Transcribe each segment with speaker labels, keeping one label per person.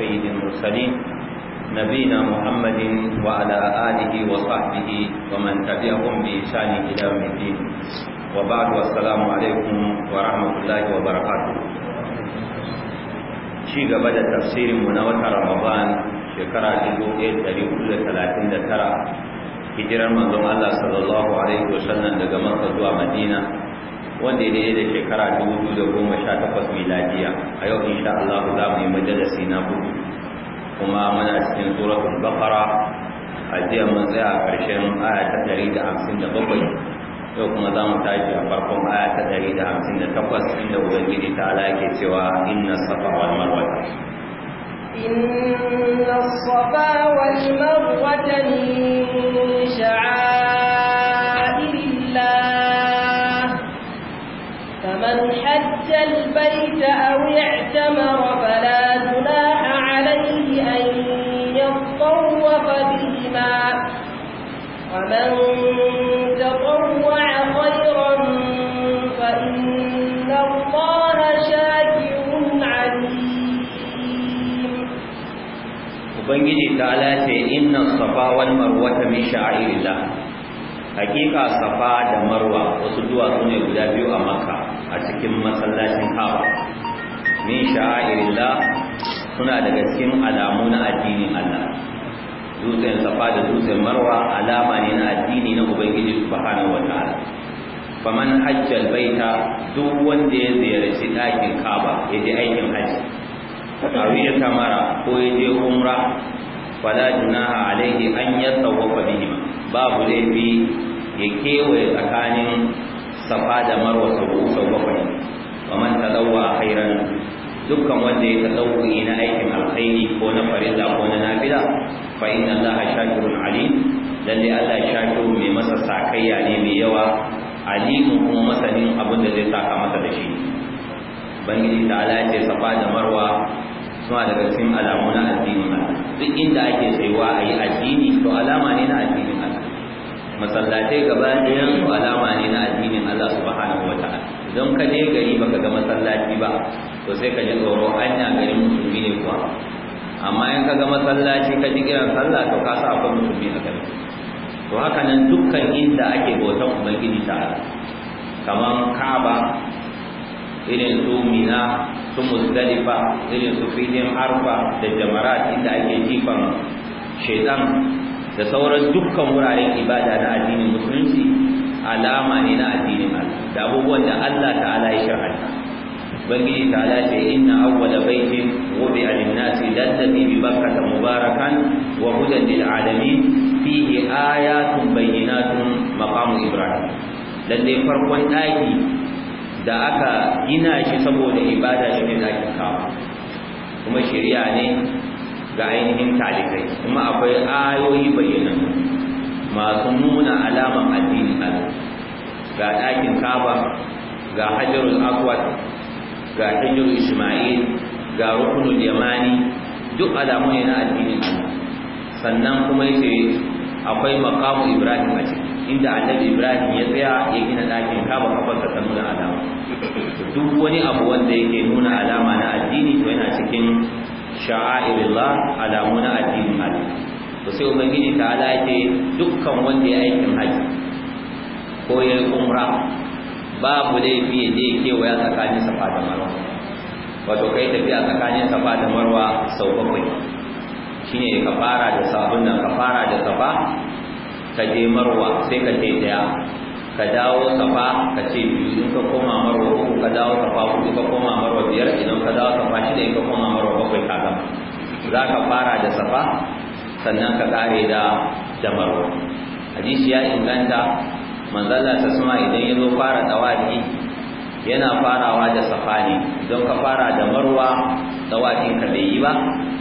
Speaker 1: سيد المرسلين نبينا محمد وعلى آله وصحبه ومن تبعهم بإحسان إلى يوم الدين وبعد والسلام عليكم ورحمة الله وبركاته ci gaba da tafsirin mu na watan Ramadan shekara 1439 hijirar manzon Allah sallallahu alaihi wasallam daga Makka zuwa Madina wanda ya daidai da shekara dubu da goma sha 2018 miladiya a yau insha Allah za mu yi majalisi na hudu kuma muna cikin suratul baqara a jiya mun tsaya a ƙarshen aya ta da da hamsin bakwai? yau kuma za mu tashi a farkon aya ta ɗari da hamsin da takwas inda ubangiji ta ala yake cewa inna safa wal marwa
Speaker 2: inna safa wal marwa min sha'a من حج البيت أو اعتمر فلا جناح عليه أن يطوف بهما ومن تطوع خيرا فإن الله شاكر عليم
Speaker 1: وبنجد تعالى إن الصفا والمروة من شعائر الله حقيقة الصفا والمروة marwa wasu الوداد ne guda a cikin masallacin kawo min da suna daga cikin alamu na addini Allah dutsen safa da dutsen marwa alama ne na addini na ubangiji subhanahu wataala faman hajjal baita duk wanda ya ziyarci ɗakin kaba ya je aikin hajji a wuya tamara ko ya je umra fala junaha alaihi an yatawafa bihima babu laifi ya kewaye tsakanin safa da marwa sau sau bakwai wa man tadawwa khairan dukkan wanda ya tadawwi na aikin alkhairi ko na farilla ko na nafila fa inna allaha shakirun alim lalle allah shakiru mai masa sakayya ne mai yawa alimu kuma masanin abin da zai saka masa da shi bangiji ta ala ce safa da marwa suna daga cikin alamu na addini duk inda ake tsayuwa a yi addini to alama ne na addini masallatai gaba ɗayan alama ne na addinin Allah subhanahu ta'ala idan ka je gari baka ga masallaci ba to sai ka ji tsoro anya gari musulmi ne kuwa amma in ka ga masallaci ka ji kiran sallah to ka sa akwai musulmi a gari to haka nan dukkan inda ake bautan ubangiji ta kamar Kaaba irin su Mina su Muzdalifa irin su filin Arfa da Jamarat inda ake jifan Shedan. da sauran dukkan wuraren ibada na addinin musulunci alama ne na addinin Allah da abubuwan da Allah ta'ala ya shar'anta ubangiji ta'ala ce inna awwala baitin a lin-nasi lalladhi bi bakkata mubarakan wa hudan lil-alamin fihi bayyana tun maqamu ibrahim lalle farkon daki da aka gina shi saboda ibada shi ne zaki kawa kuma shari'a ne ga ainihin talibai kuma akwai ayoyi bayyana masu nuna alaman addini Allah ga ɗakin kaba ga hajarul Akwat, ga hajarul isma'il ga rukunul yamani duk alamu ne na addinin sannan kuma yake akwai maqamu ibrahim a ciki inda annabi ibrahim ya tsaya ya gina ɗakin kaba kafarsa ta nuna alama duk wani abu wanda yake nuna alama na addini to yana cikin sha'airillah alamu na addinin Allah to sai ubangiji ta ala yake dukkan wanda ya aikin haji ko ya yi umra babu laifi ya je kewaya tsakanin safa da marwa wato kai tafiya tsakanin safa da marwa sau bakwai shine ka fara da sabon nan ka fara da safa ka je marwa sai ka je daya ka dawo safa ka ce biyu in ka koma marwa uku ka dawo safa hudu ka koma marwa biyar idan ka dawo safa shida in ka koma marwa bakwai ka gama za ka fara da safa sannan ka kare da da marwa hadisi ya inganta manzala ta suma idan ya zo fara dawaki yana farawa da safa ne don ka fara da marwa dawakin ka bai yi ba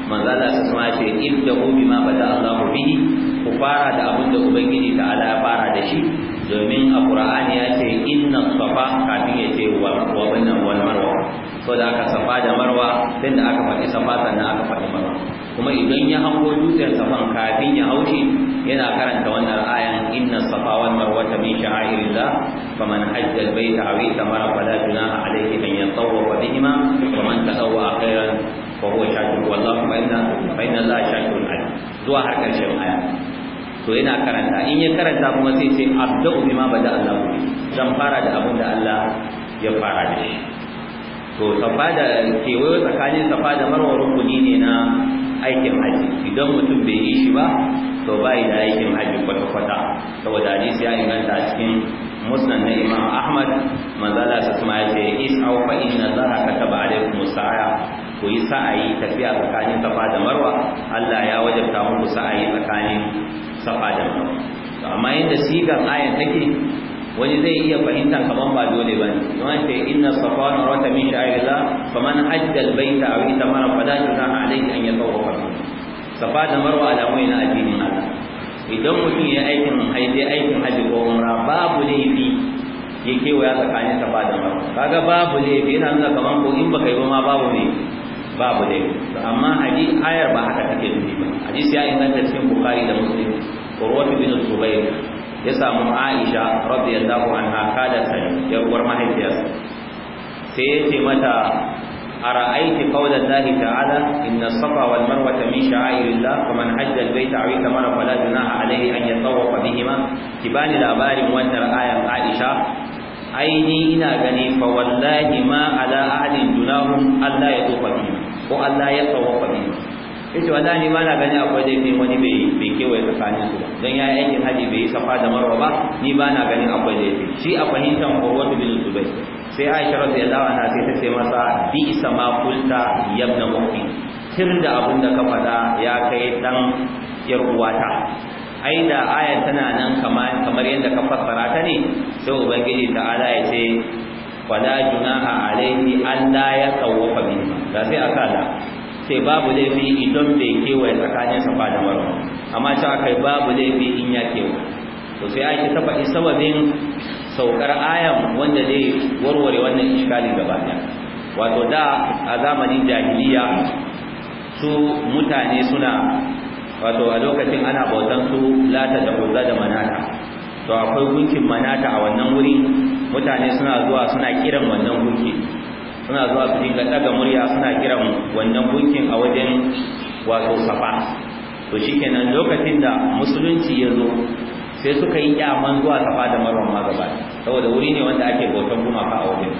Speaker 1: manzala ta suma ce ibda bima bada Allahu bihi ku fara da abin da ubangiji ta ala fara da shi domin a ƙura'ani ya ce inna safa kafin ya ce wa wannan wani marwa so da aka safa da marwa sai da aka faɗi safa sannan aka faɗi marwa kuma idan ya hango dutsen safan kafin ya haushi yana karanta wannan ayan inna safa wal marwa min sha'airillah faman hajja al baita aw itamara fala junaha alayhi an yatawwafa bihima wa man tatawwa khairan fa huwa shakur wallahu fa inna fa inna allaha shakur alim zuwa har karshen aya to yana karanta in ya karanta kuma sai ce abda'u bima bada Allah zan fara da abin da Allah ya fara da shi to safa da kewayo tsakanin safa da marwa rukuni ne na aikin haji idan mutum bai yi shi ba to bai da aikin haji kwata-kwata saboda hadisi ya inganta a cikin musnad na imam ahmad manzala sa kuma yace is'au fa inna zaha kataba alaykum sa'a ku yi sa'ayi tafiya tsakanin safa da marwa Allah ya wajabta muku sa'ayi tsakanin san adam amma yadda sigar ayan take wani zai iya fahimta kaman ba dole ba ne don ce inna safa na marwa min fa man hajja albayta aw itamara fala ta alayhi an yatawaffa safa da marwa alamai na addinin Allah idan mutum ya aikin haije aikin haji ko umra babu laifi ya kewaya tsakanin safa da marwa kaga babu laifi yana nuna kaman ko in baka yi ba ma babu ne babu dai amma hadisi ayar ba haka take nufi ba hadisi ya inganta cikin bukhari da muslim urwatu bin zubair ya samu aisha radiyallahu anha kada sai ya uwar mahaifiyarsa sai ya ce mata ara'aiti qawla Allah ta'ala inna safa wal marwa min sha'airillah faman hajja al baita aw itamara fala junaha alayhi an yatawafa bihima kibani labarin wannan ayar aisha aini ina gani fa wallahi ma ala ahadin junahum Allah ya tufa bihima ko Allah ya tsawafa ita yace wallahi ma na gani akwai laifin wani bai bai kewaye tsakanin su dan ya aikin haji bai yi safa da marwa ba ni ba na ganin akwai laifi shi a fahimtar Urwatu bin Zubair sai Aisha radiyallahu anha sai ta sai masa bi ma kulta yabna ibn mu'min tir da ka faɗa ya kai dan yar uwata ai da ayar tana nan kamar yadda ka fassara ta ne sai ubangiji ta'ala ya ce fala junaha alaihi Allah ya tsawafa bi da sai aka da sai babu laifi idan bai kewaye tsakanin safa da marwa amma sai kai babu laifi in ya ke to sai aiki ta sababin saukar ayan wanda zai warware wannan iskali gaba daya wato da a zamanin jahiliya su mutane suna wato a lokacin ana bautan su lata da huzza da manata to akwai gunkin manata a wannan wuri mutane suna zuwa suna kiran wannan gunki suna zuwa su dinga daga murya suna kiran wannan gunkin a wajen wato safa to shikenan lokacin da musulunci ya zo sai suka yi kyaman zuwa safa da marwan ma gaba saboda wuri ne wanda ake bautan gumaka a wajen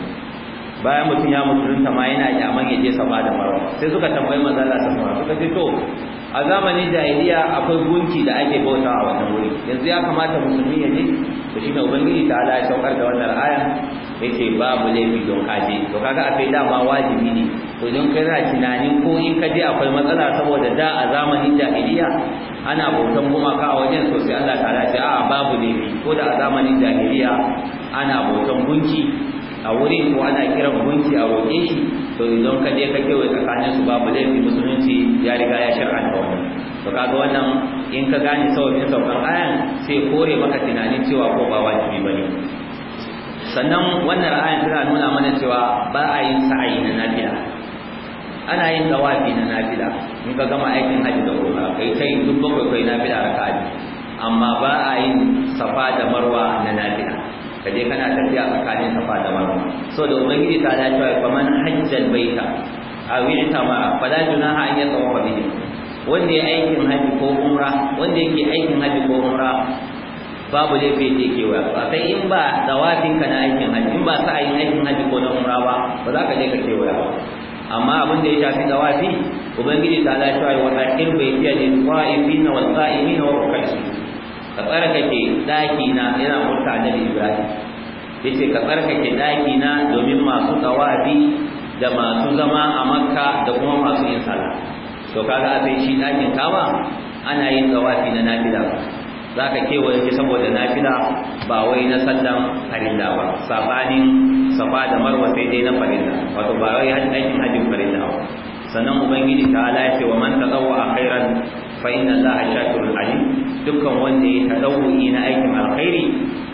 Speaker 1: bayan mutum ya musulunta ma yana kyaman ya je safa da marwa sai suka tambayi manzo Allah sallallahu alaihi wasallam suka ce to a zamanin jahiliya akwai gunki da ake bauta a wannan wuri yanzu ya kamata musulmi ya je shi ne ubangiji ta Allah ya saukar da wannan aya yace babu laifi don kaje to kaga akwai dama wajibi ne to don kai na tunanin ko in ka je akwai matsala saboda da a zamanin jahiliya ana bautan gumaka a wajen to sai Allah ta'ala ce a babu laifi ko da a zamanin jahiliya ana bautan gunki a wurin ko ana kiran gunki a roƙe shi to idan ka je ka kewaye tsakanin su babu laifi musulunci ya riga ya da wannan to kaga wannan in ka gane sauƙin saukan ayan sai kore maka tunanin cewa ko ba wajibi bane sannan wannan ra'ayin tana nuna mana cewa ba a yin sa'ayi na nafila ana yin tawafi na nafila in ka gama aikin hajji da umra kai kai duk bakwai kai nafila raka'a amma ba a yin safa da marwa na nafila kaje kana tafiya kanin safa da marwa so da ubangiji ta cewa wa man hajjal baita aw itama fala junaha an yatawafa bihi wanda ya aikin haji ko umra wanda yake aikin haji ko umra babu dai bai je kewa ba sai in ba dawafin ka na aikin haji in ba sa yin aikin haji ko na umra ba ba za ka je ka kewa ba amma abin da ya shafi dawafi ubangiji ta dace cewa wa akir bai fiye da qa'imina wal qa'imina wa rukaisu ka tsarkake daki na yana murta annabi ibrahim yace ka tsarkake daki na domin masu tawafi da masu zama a makka da kuma masu yin sala. to kaga a shi dakin kawa ana yin tawafi na nafila za ka kewaye shi saboda nafila ba wai na sallan farilla ba sabanin safa da marwa sai dai na farilla wato ba wai aikin hajji farilla ba sannan ubangiji ta ala ya wa man tazawwa khairan fa inna allaha shakirun alim dukkan wanda ya tadawwi na aikin alkhairi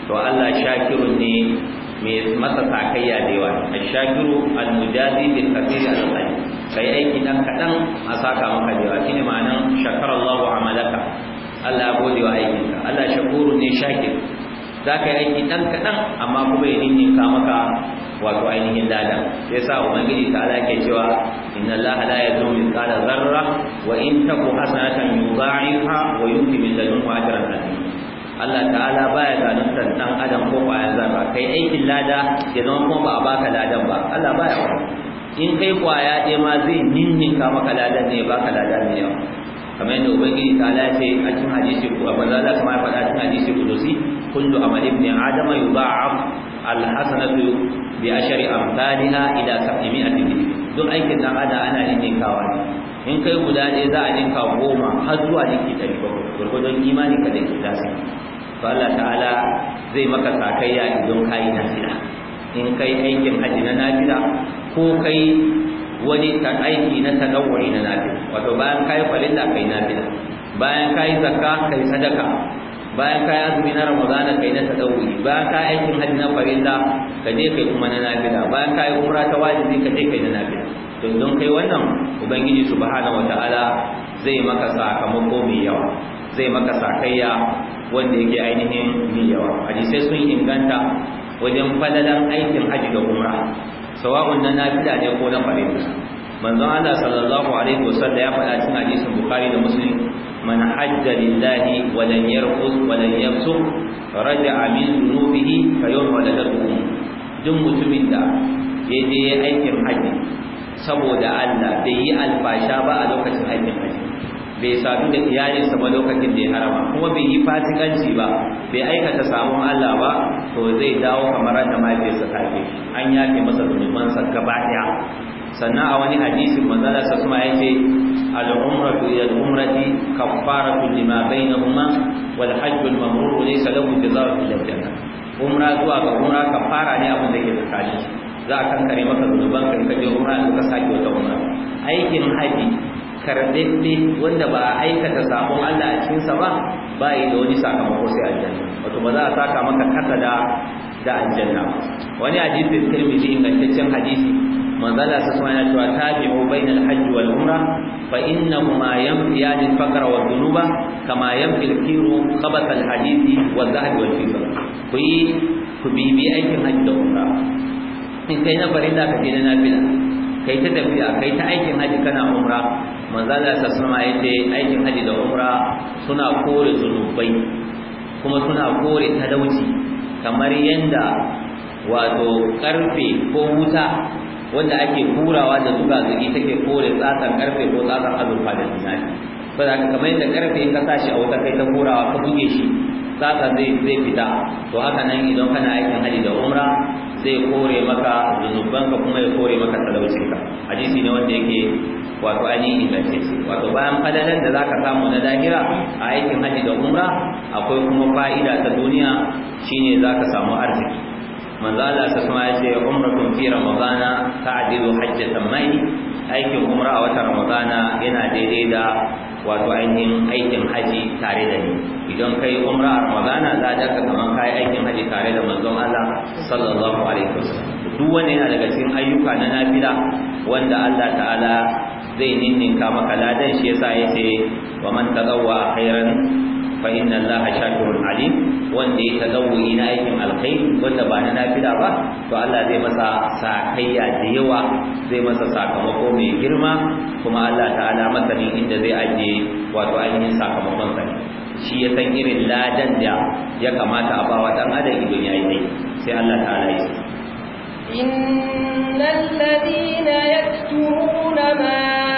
Speaker 1: to Allah shakirun ne mai masa takayya da yawa ashakiru almujazi bil kathiri al qalil kai aiki dan kadan a saka maka da yawa shine ma'anan shakarallahu amalaka Allah gode wa aikinka Allah shakuru ne shakir zaka yi aiki dan kadan amma kuma ya ninninka maka wato ainihin ladan sai sa ubangiji ta ala ke cewa إن الله لا يظلم مثقال ذرة وإن تك حسنة يضاعفها ويؤتي من لدنه أجرا عظيما Allah ta'ala baya zaluntar dan adam ko kwayan zarra kai aikin lada ya zama kuma ba a baka ladan ba Allah baya wa in kai kwaya ɗaya ma zai ninninka maka ladan ne baka ladan ne yawa kamar yadda ubangiji ta ala ce a cikin hadisi ku abin da Allah kamar faɗa cikin hadisi dosi kullu amal ibn adam yuba'af al hasanatu bi ashri amthaliha ila sab'i mi'ati duk aikin dan adam ana ninkawa ne in kai guda ɗaya za a ninka goma har zuwa ninki ɗari ba gwargwadon imani ka da ke to Allah ta'ala zai maka sakayya idan ka yi nafila in kai aikin haji na nafila ko kai wani ta aiki na tadawwuri na nafila wato bayan kayi farilla kai nafila bayan kayi zakka kai sadaka bayan kai azumi na ramadana kai na tadawuri bayan kai aikin hajji na farilla ka je kai kuma na nafila bayan ka yi umra ta wajibi ka je kai na nafila to don kai wannan ubangiji subhanahu wataala zai maka sakamako mai yawa zai maka sakayya wanda yake ainihin mai yawa hadisai sun inganta wajen falalan aikin hajji da umra sawa'un na nafila ne ko na farilla manzon Allah sallallahu alaihi wasallam ya faɗa cikin hadisin Bukhari da Muslim man hajja lillahi wa lam yarqus wa lam yafsuq raja'a min dhunubihi fa yawma ladatuhum duk mutumin da ya je aikin haji saboda Allah bai yi alfasha ba a lokacin aikin haji bai sadu da iyalinsa ba lokacin da ya harama kuma bai yi fasikanci ba bai aikata samun Allah ba to zai dawo kamar da mahaifiyarsa take an yafe masa zunubansa gaba daya sannan a wani hadisin manzala sa kuma yace al-umratu ila al-umrati kaffaratu lima bainahuma wal hajj al-mabrur laysa lahu jazaa'u illa al-jannah umra zuwa ga umra kaffara ne abin da ke tsakani za a kankare maka zunuban ka kaje umra ka sake wata umra aikin haji karɓaɓɓe wanda ba a aikata sabon Allah a cikinsa ba ba yi da wani sakamako sai aljanna wato ba za a saka maka kasa da da aljanna wani hadisin tirmidhi ingantaccen hadisi manzala sa kuma yana cewa tabi'u bainal hajji wal umra fa innahuma yanfiyani al-faqra wa dhunuba kama yanfi al-kiru hadisi, al-hadithi wa dhahab ku yi ku bibi aikin hajji da umra in kai na farilla ka je na nafila kai ta tafiya kai ta aikin haji kana umra manzala sa ya ce aikin haji da umra suna kore zunubai kuma suna kore talauci kamar yanda wato karfe ko wuta wanda ake hurawa da zuba zugi take kore tsatsar karfe ko tsatsar azurfa da zinari saboda kamar yadda karfe ka tashi a wata kai ta hurawa ka buge shi tsatsar zai zai fita to haka nan idan kana aikin haji da umra zai kore maka ka kuma ya kore maka talaucinka hadisi ne wanda yake wato ainihin ingantacce wato bayan fadalan da zaka samu na lahira a aikin haji da umra akwai kuma fa'ida ta duniya shine zaka samu arziki manzala sa kuma ya ce umratun fi ramadana ta'dilu hajjatan mai aikin umra a watan ramadana yana daidai da wato ainihin aikin haji tare da ni idan kai umra a ramadana za ka kamar kai aikin haji tare da manzon Allah sallallahu alaihi wasallam duk wanda yana daga cikin ayyuka na nafila wanda Allah ta'ala zai ninninka maka ladan shi yasa yace wa man tazawwa khairan fa inna allaha shakirun alim wanda ya tazawwuri na aikin alkhairi wanda ba na nafila ba to Allah zai masa sakayya da yawa zai masa sakamako mai girma kuma Allah ta'ala masanin inda zai ajiye wato ainihin sakamakon sa shi ya san irin ladan da ya kamata a bawa dan adam idan yayi dai sai Allah ta'ala ya
Speaker 2: إن الذين يكتمون ما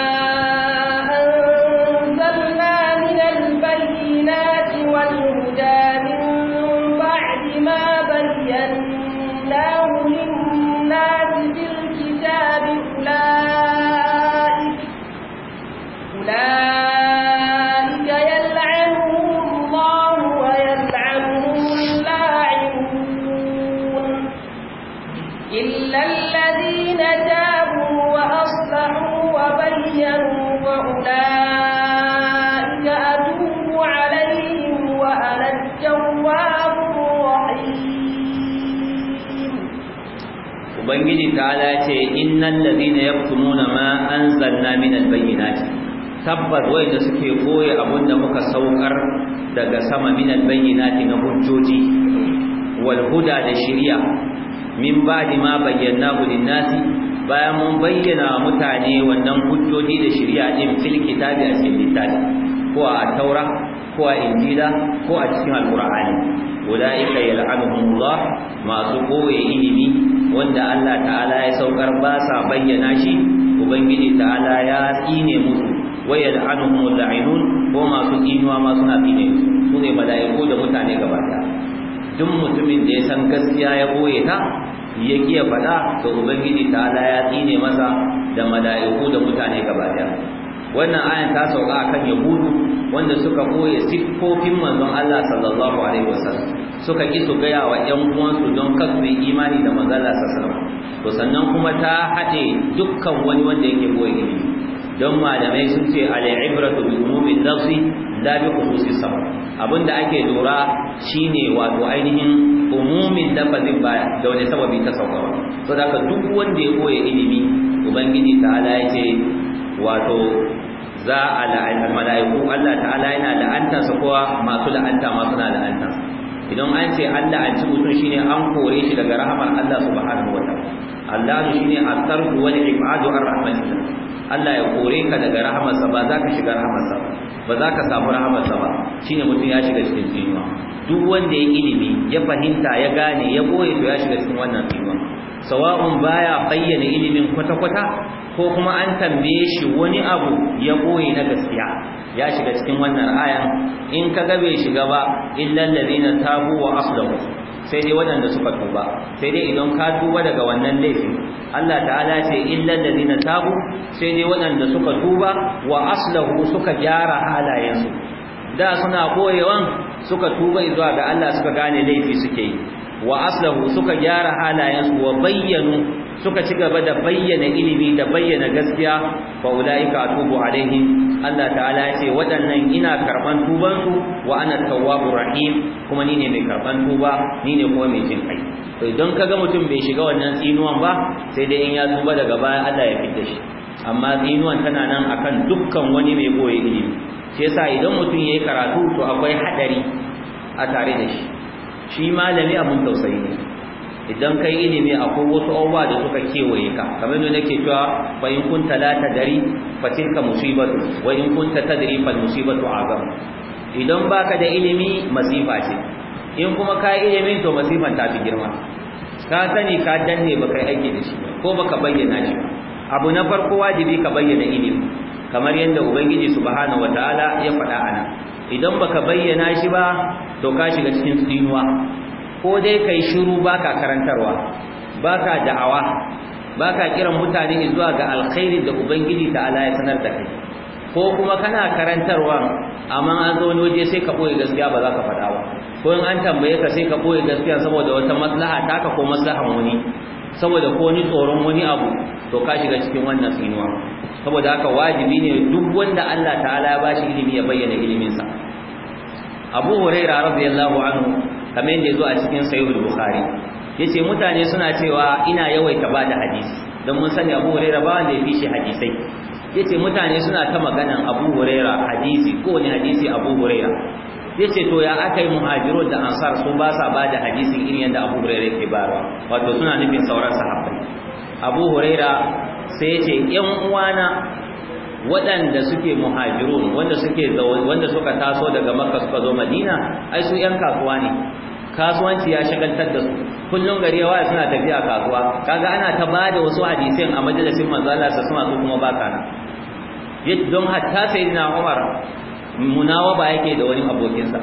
Speaker 1: ta'ala ce innal ladina yaktumuna ma anzalna min albayyinati tabbas da suke koyi da muka saukar daga sama min albayyinati na hujjoji wal huda da shari'a min ba'di ma bayyana lin-nasi bayan mun bayyana mutane wannan hujjoji da shari'a din fil kitabi a cikin ko a taura ko a injila ko a cikin alqur'ani ulaika yal'anuhumullah masu ɓoye ilimi wanda Allah ta'ala ya saukar ba sa bayyana shi ubangiji ta'ala ya tsine musu wayar anuhum la'inun ko masu tsinuwa ma suna tsine su ne mala'iku da mutane gaba duk mutumin da ya san gaskiya ya boye ta ya kiya faɗa to ubangiji ta'ala ya tsine masa da mala'iku da mutane gaba wannan ayan ta sauka akan yahudu wanda suka boye siffofin manzon Allah sallallahu alaihi wasallam suka ki su gaya wa ‘yan uwansu don kasu imani da manzala sassarwa to sannan kuma ta haɗe dukkan wani wanda yake goyi ilimi don malamai sun ce al'ibratu bi umumin nafsi la bi khususi Abin abinda ake lura shine wato ainihin umumin lafazin ba da wani sababi ta sauka ba so da ka duk wanda ya koya ilimi ubangiji ta'ala ya ce wato za a mala'iku Allah ta'ala yana la'anta su kowa masu la'anta masu na la'anta idan an ce Allah an ci mutum shine an kore shi daga rahamar Allah subhanahu wa ta'ala Allah shine at-tarku wal ibadu ar rahmanin Allah ya kore ka daga sa ba za ka shiga sa ba za ka samu sa ba shine mutum ya shiga cikin tsinuwa duk wanda ya ilimi ya fahimta ya gane ya boye to ya shiga cikin wannan tsinuwa sawa'un baya bayyana ilimin kwata-kwata ko kuma an tambaye shi wani abu ya boye na gaskiya ya shiga cikin wannan ayan in ka ga bai shiga ba illal ladina tabu wa aslahu sai dai waɗanda suka tuba sai dai idan ka tuba daga wannan laifin Allah ta'ala ce illal ladina tabu sai dai waɗanda suka tuba wa aslahu suka gyara halayensu da suna koyewan suka tuba zuwa ga Allah suka gane laifi suke yi wa aslahu suka gyara halayensu wa bayyanu suka ci gaba da bayyana ilimi da bayyana gaskiya fa ulaika atubu alaihim Allah ta'ala ya ce waɗannan ina karɓan tubansu wa ana tawwabur rahim kuma ni ne mai karɓan tuba ni ne kuma mai jin kai to idan kaga mutum bai shiga wannan tsinuwan ba sai dai in ya tuba daga baya Allah ya fitar shi amma tsinuwan tana nan akan dukkan wani mai boye ilimi shi yasa idan mutum yayi karatu to akwai hadari a tare da shi shi malami abun tausayi ne idan kai ilimi akwai wasu abubuwa da suka kewaye ka kamar da nake cewa fa in kunta la tadri fa tilka musibatu wa in kunta tadri fa musibatu azam idan baka da ilimi masifa ce in kuma ka ilimi to masifan ta fi girma ka sani ka danne baka aiki da shi ko baka bayyana shi abu na farko wajibi ka bayyana ilimi kamar yadda ubangiji subhanahu wataala ya faɗa ana idan baka bayyana shi ba to ka shiga cikin tsinuwa ko dai kai shiru baka karantarwa baka da'awa baka kiran mutane zuwa ga alkhairi da ubangiji ta'ala ya sanar da kai ko kuma kana karantarwa amma an zo ne waje sai ka koyi gaskiya ba za ka faɗa ba ko in an tambaye ka sai ka boye gaskiya saboda wata maslaha taka ko maslahan wani saboda ko ni tsoron wani abu to ka shiga cikin wannan tsinuwa saboda haka wajibi ne duk wanda Allah ta'ala ya bashi ilimi ya bayyana iliminsa Abu Hurairah radiyallahu anhu kamar yadda zo a cikin sahihul bukhari yace mutane suna cewa ina yawaita bada hadisi dan mun sani abu huraira ba wanda ya fi shi hadisai yace mutane suna ta maganan abu huraira hadisi ko ne hadisi abu huraira yace to ya akai muhajiru da ansar su ba sa bada hadisi irin yadda abu huraira yake ba wato suna nufin sauran sahabbai abu huraira sai yace yan uwana waɗanda suke muhajirun wanda suke wanda suka taso daga makka suka zo madina ai su yan kasuwa ne kasuwanci ya shagaltar da su kullun gari yawa suna tafiya kasuwa kaga ana ta bada wasu hadisin a majalisin manzo Allah sa suna kuma baka na don hatta sayyidina Umar munawaba yake da wani abokinsa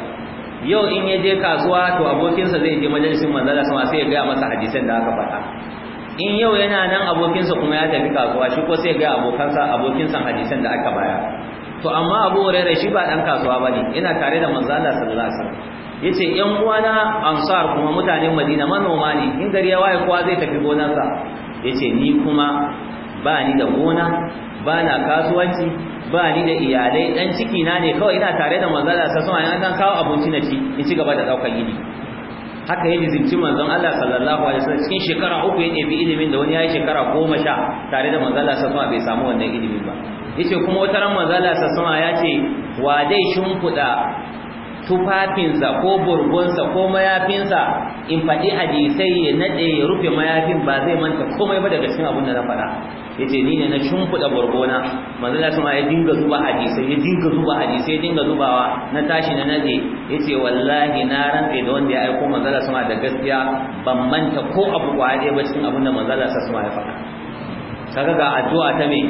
Speaker 1: yau in yaje kasuwa to abokinsa zai je majalisin manzo Allah sa sai ya ga masa hadisin da aka faɗa in yau yana nan abokinsa kuma ya tafi kasuwa shi ko sai ga abokin sa hadisin da aka baya to amma Abu Hurairah shi ba dan kasuwa bane yana tare da manzo Allah sallallahu alaihi wasallam yace yan uwana ansar kuma mutanen madina manoma ne in gari ya waye kowa zai tafi gonarsa yace ni kuma ba ni da gona ba na kasuwanci ba ni da iyalai dan ciki na ne kawai ina tare da manzon Allah sallallahu alaihi wasallam kawo abinci na ci in ci gaba da daukar gidi haka yayi zinci manzon Allah sallallahu alaihi wasallam cikin shekara uku ya bi ilimin da wani ya shekara goma sha tare da manzon Allah sallallahu alaihi wasallam bai samu wannan ilimin ba yace kuma wata ran manzon Allah sallallahu alaihi wasallam ya ce wa dai kuda tufafinsa ko burgunsa ko mayafinsa in faɗi hadisai ya naɗe ya rufe mayafin ba zai manta komai ba daga cikin abin da na faɗa ya ce ni ne na shimfiɗa burgona manzo da kuma ya dinga zuba hadisai ya dinga zuba hadisai ya dinga zubawa na tashi na naɗe ya ce wallahi na rantse da wanda ya aiko manzo da sama da gaskiya ban manta ko abu kwaɗe ba cikin abin da manzo da ya faɗa kaga ga addu'a ta me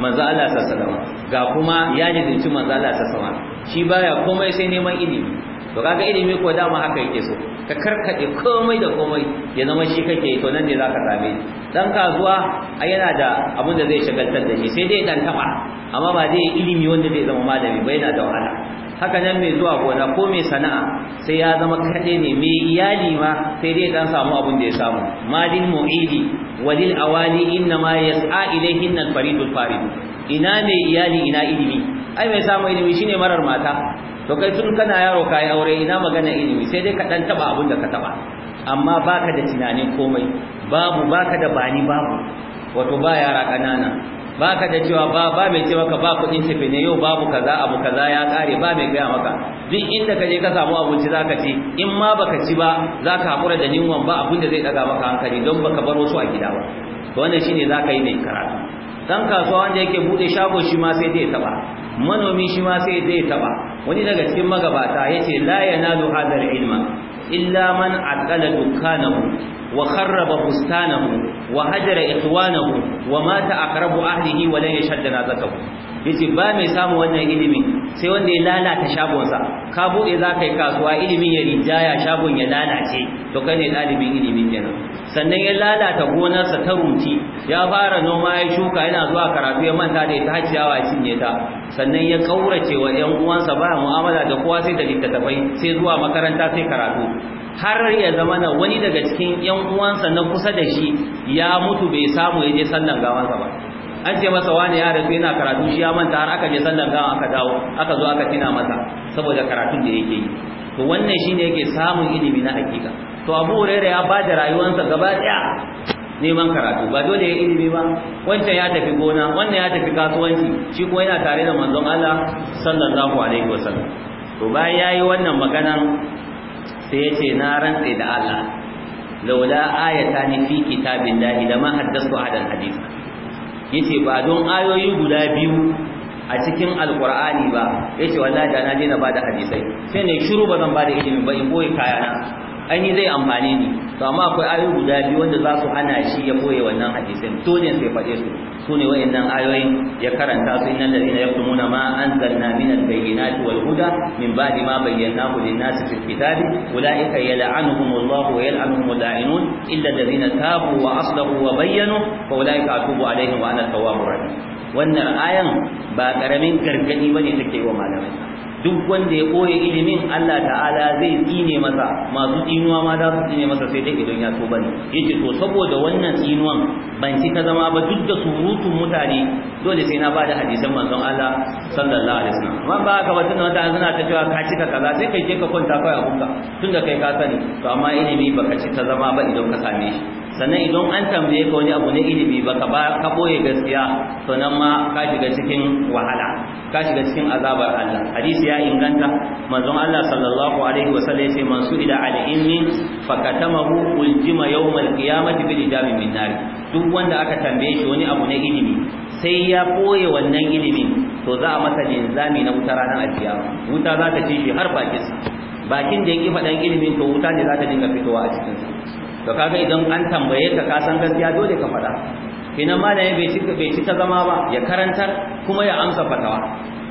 Speaker 1: manzo Allah sallallahu alaihi wasallam ga kuma ya jidinci manzo Allah sallallahu alaihi wasallam shi baya komai sai neman ilimi to kaga ilimi ko dama haka yake so ka karkade komai da komai ya zama shi kake to nan ne zaka same shi dan kasuwa a yana da abin da zai shagaltar da shi sai dai dan taba amma ba zai ilimi wanda zai zama malami ba yana da wahala haka nan mai zuwa gona ko mai sana'a sai ya zama kade ne mai iyali ma sai dai dan samu abin da ya samu malin mu'idi walil awali inna ma yas'a ilayhin al faridul farid ina mai iyali ina ilimi ai mai samun ilimi shine marar mata to kai tun kana yaro kai aure ina magana ilimi sai dai ka dan taba abin da ka taba amma baka da tunanin komai babu baka da bani babu wato ba yara kanana baka da cewa ba ba mai ce maka ba kudin tafi ne yau babu kaza abu kaza ya kare ba mai gaya maka duk inda ka je ka samu abinci zaka ci in ma baka ci ba zaka hakura da ninwan ba abinda zai daga maka hankali don baka bar wasu a gida ba to wannan shine zaka yi ne karatu dan kasuwa wanda yake bude shago shi ma sai dai taba manomi shi ma sai zai taba wani daga cikin magabata yace la yanalu hadal ilma illa man aqala dukanahu wa kharraba bustanahu wa hajara ikhwanahu wa mata aqrabu ahlihi wa lan yashadda nazakahu yace ba mai samu wannan ilimi sai wanda ya lalata shagonsa ka bude zaka yi kasuwa ilimin ya rijaya shagon ya lalace to kai ne dalibin ilimin kenan sannan ya lalata gonarsa ta ruti, ya fara noma ya shuka yana zuwa karatu ya manta da ita ciyawa ya cinye ta sannan ya kaurace wa ƴan uwansa ba mu'amala da kowa sai da littattafai sai zuwa makaranta sai karatu har ya zama na wani daga cikin ƴan uwansa na kusa da shi ya mutu bai samu ya je sallan gawansa ba an ce masa wani ya rasu yana karatu shi ya manta har aka je sallan gawa aka dawo aka zo aka tina masa saboda karatun da yake yi to wannan shine yake samun ilimi na hakika to abu ya bada da rayuwarsa gaba daya neman karatu ba dole ya ilimi ba wancan ya tafi gona wannan ya tafi kasuwanci shi kuma yana tare da manzon Allah sallallahu alaihi wasallam to bayan yayi wannan magana sai yace na rantsa da Allah laula ayatan fi kitabillahi lama haddathu ahadan hadith yace ba don ayoyi guda biyu a cikin alqur'ani ba yace wallahi da na je na bada hadisai sai ne shiru ba zan bada ilimi ba in boye kayana aini zai amfane ni to amma akwai ayoyi guda biyu wanda za su hana shi ya koye wannan hadisin dole sai faɗe su su ne wa'annan ayoyin ya karanta su innal ladina yaktumuna ma anzalna minal bayyinati wal huda min ba'di ma bayyanahu lin-nasi fil kitabi ulaika yal'anuhumullahu wa yal'anuhumul la'inun illa alladhina tabu wa aslahu wa bayyanu fa ulaika atubu alaihim wa ana at-tawwabur rahim wannan ayan ba karamin gargadi bane take wa malamai duk wanda ya koye ilimin Allah ta'ala zai tsine masa masu tsinuwa ma za su tsine masa sai dai idan ya so bane yace to saboda wannan tsinuwan ban ci ta zama ba duk da surutun mutane dole sai na ba da hadisan manzon Allah sallallahu alaihi wasallam amma ba ka ba wata mutane suna ta cewa ka cika kaza sai kai je ka kwanta kai a hukka tunda kai ka sani to amma ilimi ba ka ci ta zama ba idan ka same shi sannan idan an tambaye ka wani abu na ilimi baka ba ka boye gaskiya to nan ma ka shiga cikin wahala ka shiga cikin azabar Allah hadisi ya inganta manzon Allah sallallahu alaihi wa sallam yace man su'ida ala ilmi fakatamahu uljima yawmal qiyamati bil jami min nar duk wanda aka tambaye shi wani abu na ilimi sai ya boye wannan ilimin to za a masa linzami na wuta ranar ajiya. wuta za ta ci shi har bakin bakin da yake faɗan ilimin to wuta ne za ta dinga fitowa a cikinsa to kaga idan an tambaye ka ka san gaskiya dole ka faɗa idan malami bai cika bai cika zama ba ya karantar kuma ya amsa fatawa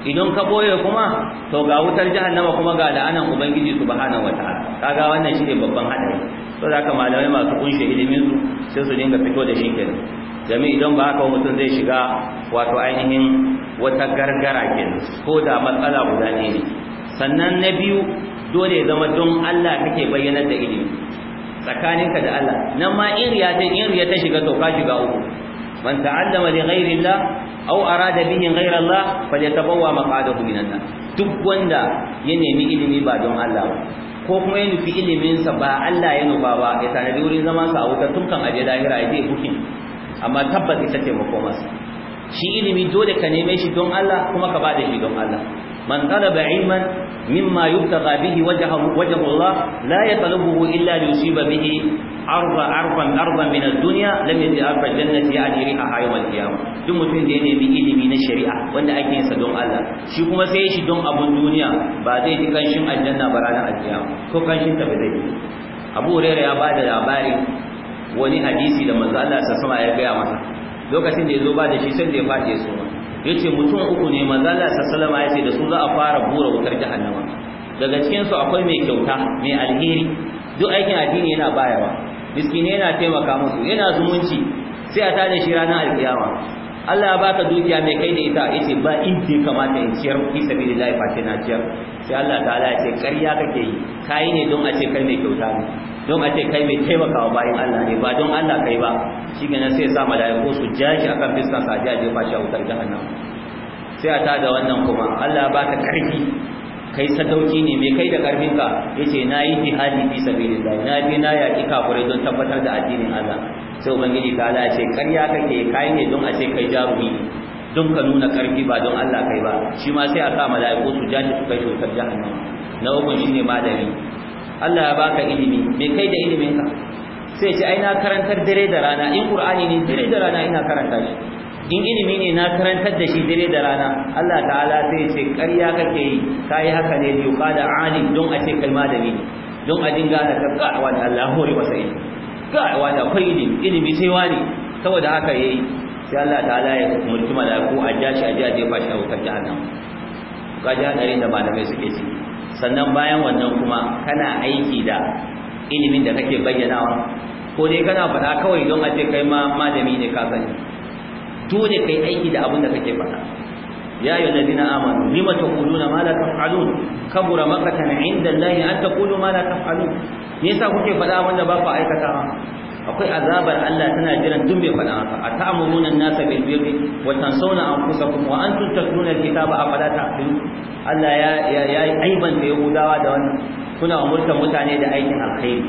Speaker 1: idan ka boye kuma to ga wutar jahannama kuma ga la'anan ubangiji subhanahu wataala kaga wannan shine babban hadari to zaka malamai masu kunshe ilimin su sai su dinga fito da shi kenan domin idan ba haka mutum zai shiga wato ainihin wata gargara kenan ko da matsala guda ne sannan na biyu dole ya zama don Allah kake bayyanar da ilimi tsakaninka da Allah nan ma in riya ta in riya ta shiga to ka shiga uku man ta'allama li ghairi Allah aw arada bihi ghairi Allah falyatabawwa maq'adahu min na, duk wanda ya nemi ilimi ba don Allah ba ko kuma ya nufi ilimin sa ba Allah ya nufa ba ya tanadi wurin zaman sa a wuta tun kan aje lahira ya je bukin amma tabbas ita ce makomarsa shi ilimi dole ka neme shi don Allah kuma ka bada shi don Allah man talaba ilman mimma yubtaga bihi wajhahu wajhu Allah la yatalabuhu illa li yusiba bihi arba arban arban min ad-dunya lam yati arba jannati ajriha yawm al-qiyamah duk mutum da ya nemi ilimi na shari'a wanda ake yinsa sa don Allah shi kuma sai shi don abun duniya ba zai ji kanshin aljanna ba rana al-qiyamah ko kanshin ta ba zai ji Abu Hurairah ya bada labari wani hadisi da manzo Allah sallallahu ya gaya masa lokacin da ya zo ba da shi sai da ya fadi ya ba. yace mutum uku ne manzo Allah sallallahu alaihi wasallam da su za a fara bura wutar jahannama daga cikin su akwai mai kyauta mai alheri duk aikin addini yana bayarwa miskine yana taimaka musu yana zumunci sai a tada shi ranar alkiyama Allah ya baka dukiya mai kai da ita yace ba in ya kamata in ciyar fi sabilillah fa na ciyar sai Allah ta'ala ya ce ƙarya kake yi kai ne don a ce kai mai kyauta ne don a ce kai mai taimakawa bayan Allah ne ba don Allah kai ba shi gina sai ya sa mala'iku su jaki kan fiskan sa ji a jefa shi a wutar jahannan. sai a ta da wannan kuma Allah ba ka karfi kai sadauki ne mai kai da karfin ka ce na yi fi zai na fi na yaki kafirai don tabbatar da addinin Allah sai ubangiji ta ala ce ƙarya kake kai ne don a ce kai jarumi don ka nuna karfi ba don Allah kai ba shi ma sai a sa mala'iku su jaji su kai shi wutar jahannan. na uku shine malami Allah ya baka ilimi me kai da ilimin ka sai ce ai na karantar dare da rana in qur'ani ne dare da rana ina karanta shi in ilimi ne na karantar da shi dare da rana Allah ta'ala sai ce ƙarya kake yi kai haka ne biyu kada alim don a ce kalma da ni, don a dinga da kaka wa da Allah hore masa sai ga wa da akwai ilimi ilimi sai wani saboda haka yayi sai Allah ta'ala ya mulki malaku a jashi a jaje fashi a wutar jahannam kaji hadarin da malamai suke ciki sannan bayan wannan kuma kana aiki da ilimin da kake bayyanawa ko dai kana faɗa kawai don a ce kai ma malami ne ka sani dole kai aiki da abin da kake faɗa ya ayu ladina amanu lima taquluna ma la taf'alun kabura maqatan 'inda allahi an taqulu ma la taf'alun me yasa kuke faɗa wanda ba ku aikatawa akwai azabar Allah tana jiran duk mai faɗa haka ata'muruna an-nasa bil birri wa tansawna anfusakum wa antum tatluna al-kitaba afala ta'qilun Allah ya ya aiban da Yahudawa da wannan kuna umurtar mutane da aikin alkhairi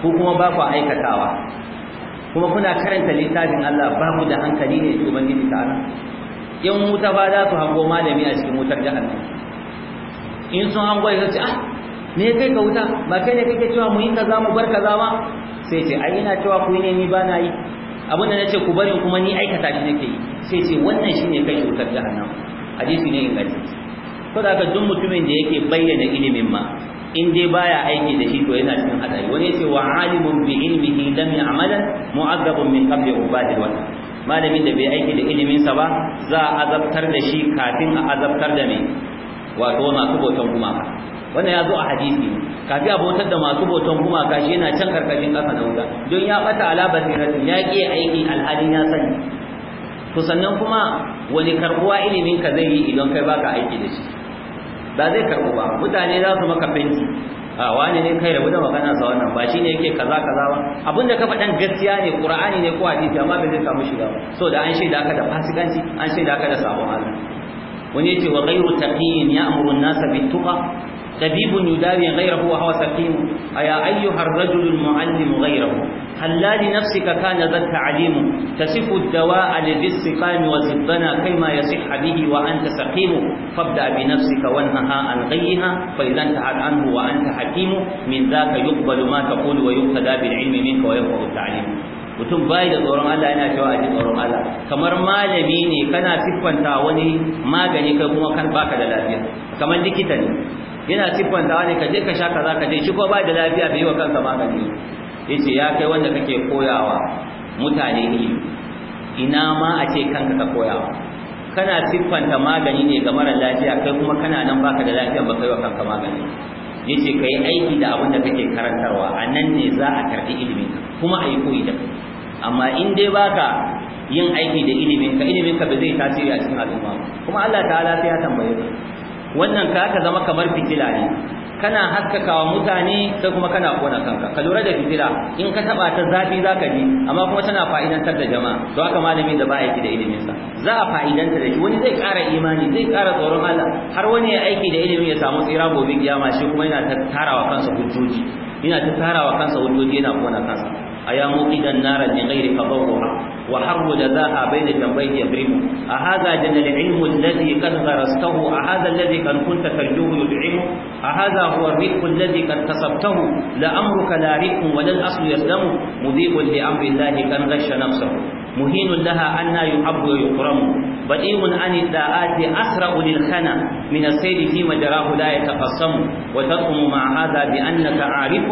Speaker 1: ko kuma ba ku aikatawa kuma kuna karanta littafin Allah ba ku da hankali ne to bangiji ta'ala yan wuta ba za su hango malami a cikin wutar jahannam in sun hango ya ce ah me kai ka wuta ba kai ne kake cewa mu yi kaza mu bar kaza ba sai ce ai ina cewa ku ne ni ba na yi abinda na ce ku bari kuma ni aikata shi nake yi sai ce wannan shine kai wutar jahannama hadisi ne ingantacce to da duk mutumin da yake bayyana ilimin ma in dai baya aiki da shi to yana cikin hadari wani yace wa alimun bi ilmihi lam ya'mala mu'azzabun min qabli ubadi wa malamin da bai aiki da ilimin sa ba za a azabtar da shi kafin a azabtar da ni wato masu bautan kuma wannan ya zo a hadisi kafi abotar da masu boton kuma kashi yana can karkashin ƙasa na wuta don ya bata ala basiratin ya ƙi aiki alhali ya sani to sannan kuma wani karbuwa ilimin ka zai yi idan kai baka aiki da shi ba zai karbu ba mutane za su maka fenti a wani ne kai rabu da magana sa wannan ba shine yake kaza kaza ba abinda ka faɗan gaskiya ne qur'ani ne ko hadisi amma bai zai samu shiga ba so da an shaida aka da fasikanci an shaida aka da sabon Allah wani yace wa ghayru taqiyin ya'muru an-nasa bit-tuqa لبيب يداوي غيره وهو سقيم أيا أيها الرجل المعلم غيره هل لا لنفسك كان ذا التعليم تصف الدواء لذي السقام وزبنا كما يصح به وأنت سقيم فابدأ بنفسك وانهها عن غيها فإذا انتهت عنه وأنت حكيم من ذاك يقبل ما تقول ويقتدى بالعلم منك وينفع التعليم mutum bai da tsoron Allah yana cewa a ji tsoron Allah kamar malami ne kana siffanta wani magani kai kuma kan baka da lafiya kamar likita ne yana siffantawa da ka je ka sha kaza ka je shi ko ba da lafiya bai wa kansa magani yace ya kai wanda kake koyawa mutane ne ina ma a ce kanka ka koyawa kana siffanta magani ne ga mara lafiya kai kuma kana nan baka da lafiya ba kai wa kanka magani yace kai aiki da abin da kake karantarwa a nan ne za a karbi ilimi kuma yi koyi da kai amma in dai baka yin aiki da ilimin ka ilimin ka ba zai tasiri a cikin al'umma kuma Allah ta'ala sai ya tambaye ka wannan ka ka zama kamar fitila ne kana haskakawa mutane sai kuma kana kona kanka ka lura da fitila in ka taba ta zafi zaka ji amma kuma tana fa'idantar da jama'a to haka malami da ba yake da ilimin sa za a fa'idantar da shi wani zai ƙara imani zai ƙara tsoron Allah har wani ya aiki da ilimin ya samu tsira gobe kiyama shi kuma yana tarawa kansa hujjoji yana tarawa kansa hujjoji yana kona kansa ayamu idan naran ne ghairi fadawha وحر جزاها بين جنبيه يضرب أهذا جن العلم الذي قد غرسته أهذا الذي قد كنت ترجوه يدعمه أهذا هو الرفق الذي قد كسبته لأمرك لا رفق ولا الأصل يسلم مذيب لأمر الله كان غش نفسه مهين لها أن يحب ويكرم بديع عن الداءات أسرع للخنا من السير في مجراه لا يتقسم وتقوم مع هذا بأنك عارف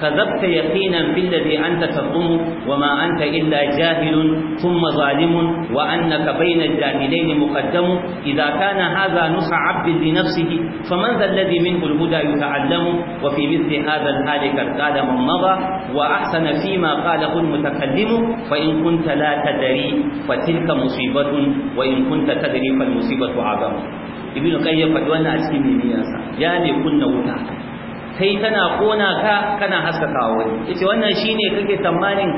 Speaker 1: كذبت يقينا في الذي أنت تقوم وما أنت إلا جاهل ثم ظالم وأنك بين الجاهلين مقدم إذا كان هذا نص عبد لنفسه فمن ذا الذي منه الهدى يتعلم وفي مثل هذا الحال قد قال من مضى وأحسن فيما قاله المتكلم فإن كنت لا تدري fa tilka musibatun wa in kunta tadri fa musibatu azam ibnu qayyim faɗi wannan a cikin mimiyarsa ya ne kunna wuta kai tana kona ka kana haskaka wani yace wannan shine kake tamanin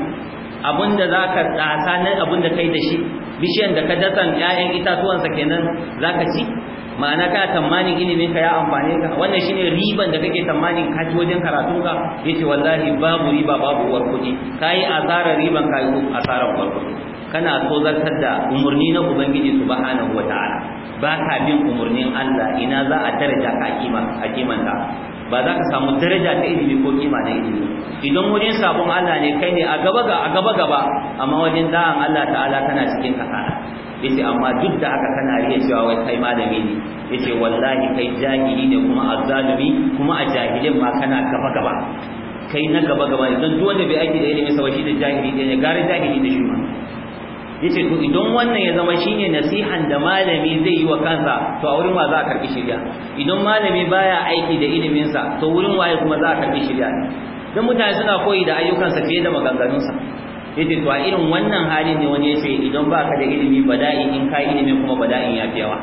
Speaker 1: abinda zaka tsasa nan abinda kai da shi bishiyan da ka dasan ƴaƴan itatuwansa kenan zaka ci ma'ana kana tsammanin ilimin ka ya amfane ka wannan shine riban da kake tsammanin ka ci wajen karatun ka yace wallahi babu riba babu uwar kuɗi kai azara riban kai asarar uwar kuɗi kana so zartar da umurni na ubangiji subhanahu wataala ba ka bin umurnin Allah ina za a daraja ka kima a ka ba za ka samu daraja ta ilimi ko kima na ilimi idan wajen sabon Allah ne kai ne a gaba ga a gaba gaba amma wajen da'an Allah ta'ala kana cikin kasala yace amma duk da haka kana riya cewa wai kai malami ne yace wallahi kai jahili ne kuma azzalumi kuma a jahilin ma kana gaba gaba kai na gaba gaba idan duk wanda bai aiki da ilimi sa shi da jahili ne gare jahili da shi ma yace to idan wannan ya zama shine nasihan da malami zai yi wa kansa to a wurin wa za a karbi shirya idan malami baya aiki da ilimin sa to wurin waye kuma za a karbi shirya dan mutane suna koyi da ayyukansa fiye da maganganunsa yace to a irin wannan halin ne wani yace idan baka da ilimi bada'i in ka ilimi kuma bada'in ya fi yawa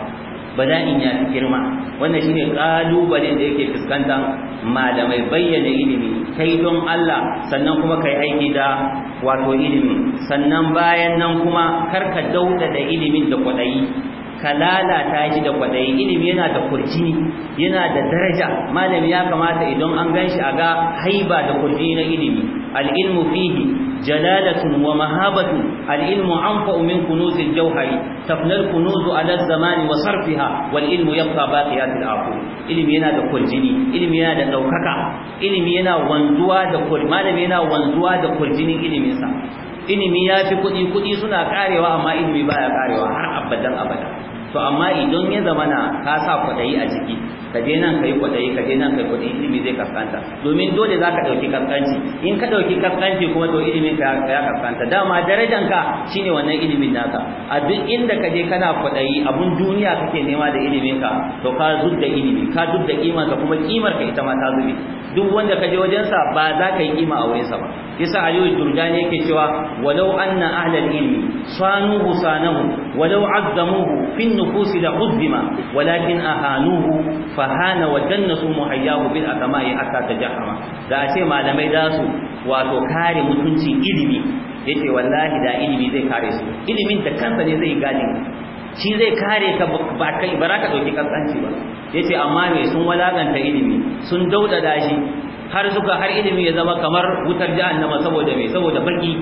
Speaker 1: bada'in ya fi girma wannan shine kalubalen da yake fuskanta malamai bayyana ilimi kai don Allah sannan kuma kai aiki da wato ilimi sannan bayan nan kuma karka dauda da ilimin da kwadayi ka lalata shi da kwadayi ilimi yana da kurjini yana da daraja malami ya kamata idan an ganshi a ga haiba da kurjini na ilimi العلم فيه جلالة ومهابة العلم أنفأ من كنوز الجوهر تفنى الكنوز على الزمان وصرفها والعلم يبقى باقيات العقول علم ينا دا كلجني علم ينا دا دوككا علم ينا وانزوا دا كل مالم ينا وانزوا دا كلجني علم يسا ilimi ya fi kuɗi kuɗi suna karewa amma ilimi baya karewa har abadan abada to amma idan ya zamana ka sa kwaɗayi a ciki ka je nan kai kwadayi ka je nan kai kwadayi ilimi zai kaskanta domin dole zaka dauki kaskanci in ka dauki kaskanci kuma to ilimin ka ya kaskanta dama darajan ka shine wannan ilimin naka a duk inda ka je kana kwadayi abun duniya kake nema da ilimin ka to ka zudda ilimi ka zudda kima ka kuma kimar ka ita ma ta zubi duk wanda ka je wajensa, sa ba za ka yi kima a wurinsa ba yasa ayoyi durjani yake cewa walau anna ahlal ilmi sanu husanahu walau azzamuhu fi nufusi la uzzima walakin ahanuhu fahana wa jannatu muhayyahu bil akmai hatta tajahama da a ce malamai da su wato kare mutunci ilimi yace wallahi da ilimi zai kare su ilimin da kansa ne zai gadi shi zai kare ka ba kai baraka ka dauki kaskanci ba yace amma me sun walaganta ilimi sun daudada shi har suka har ilimi ya zama kamar wutar jahannama saboda me saboda baki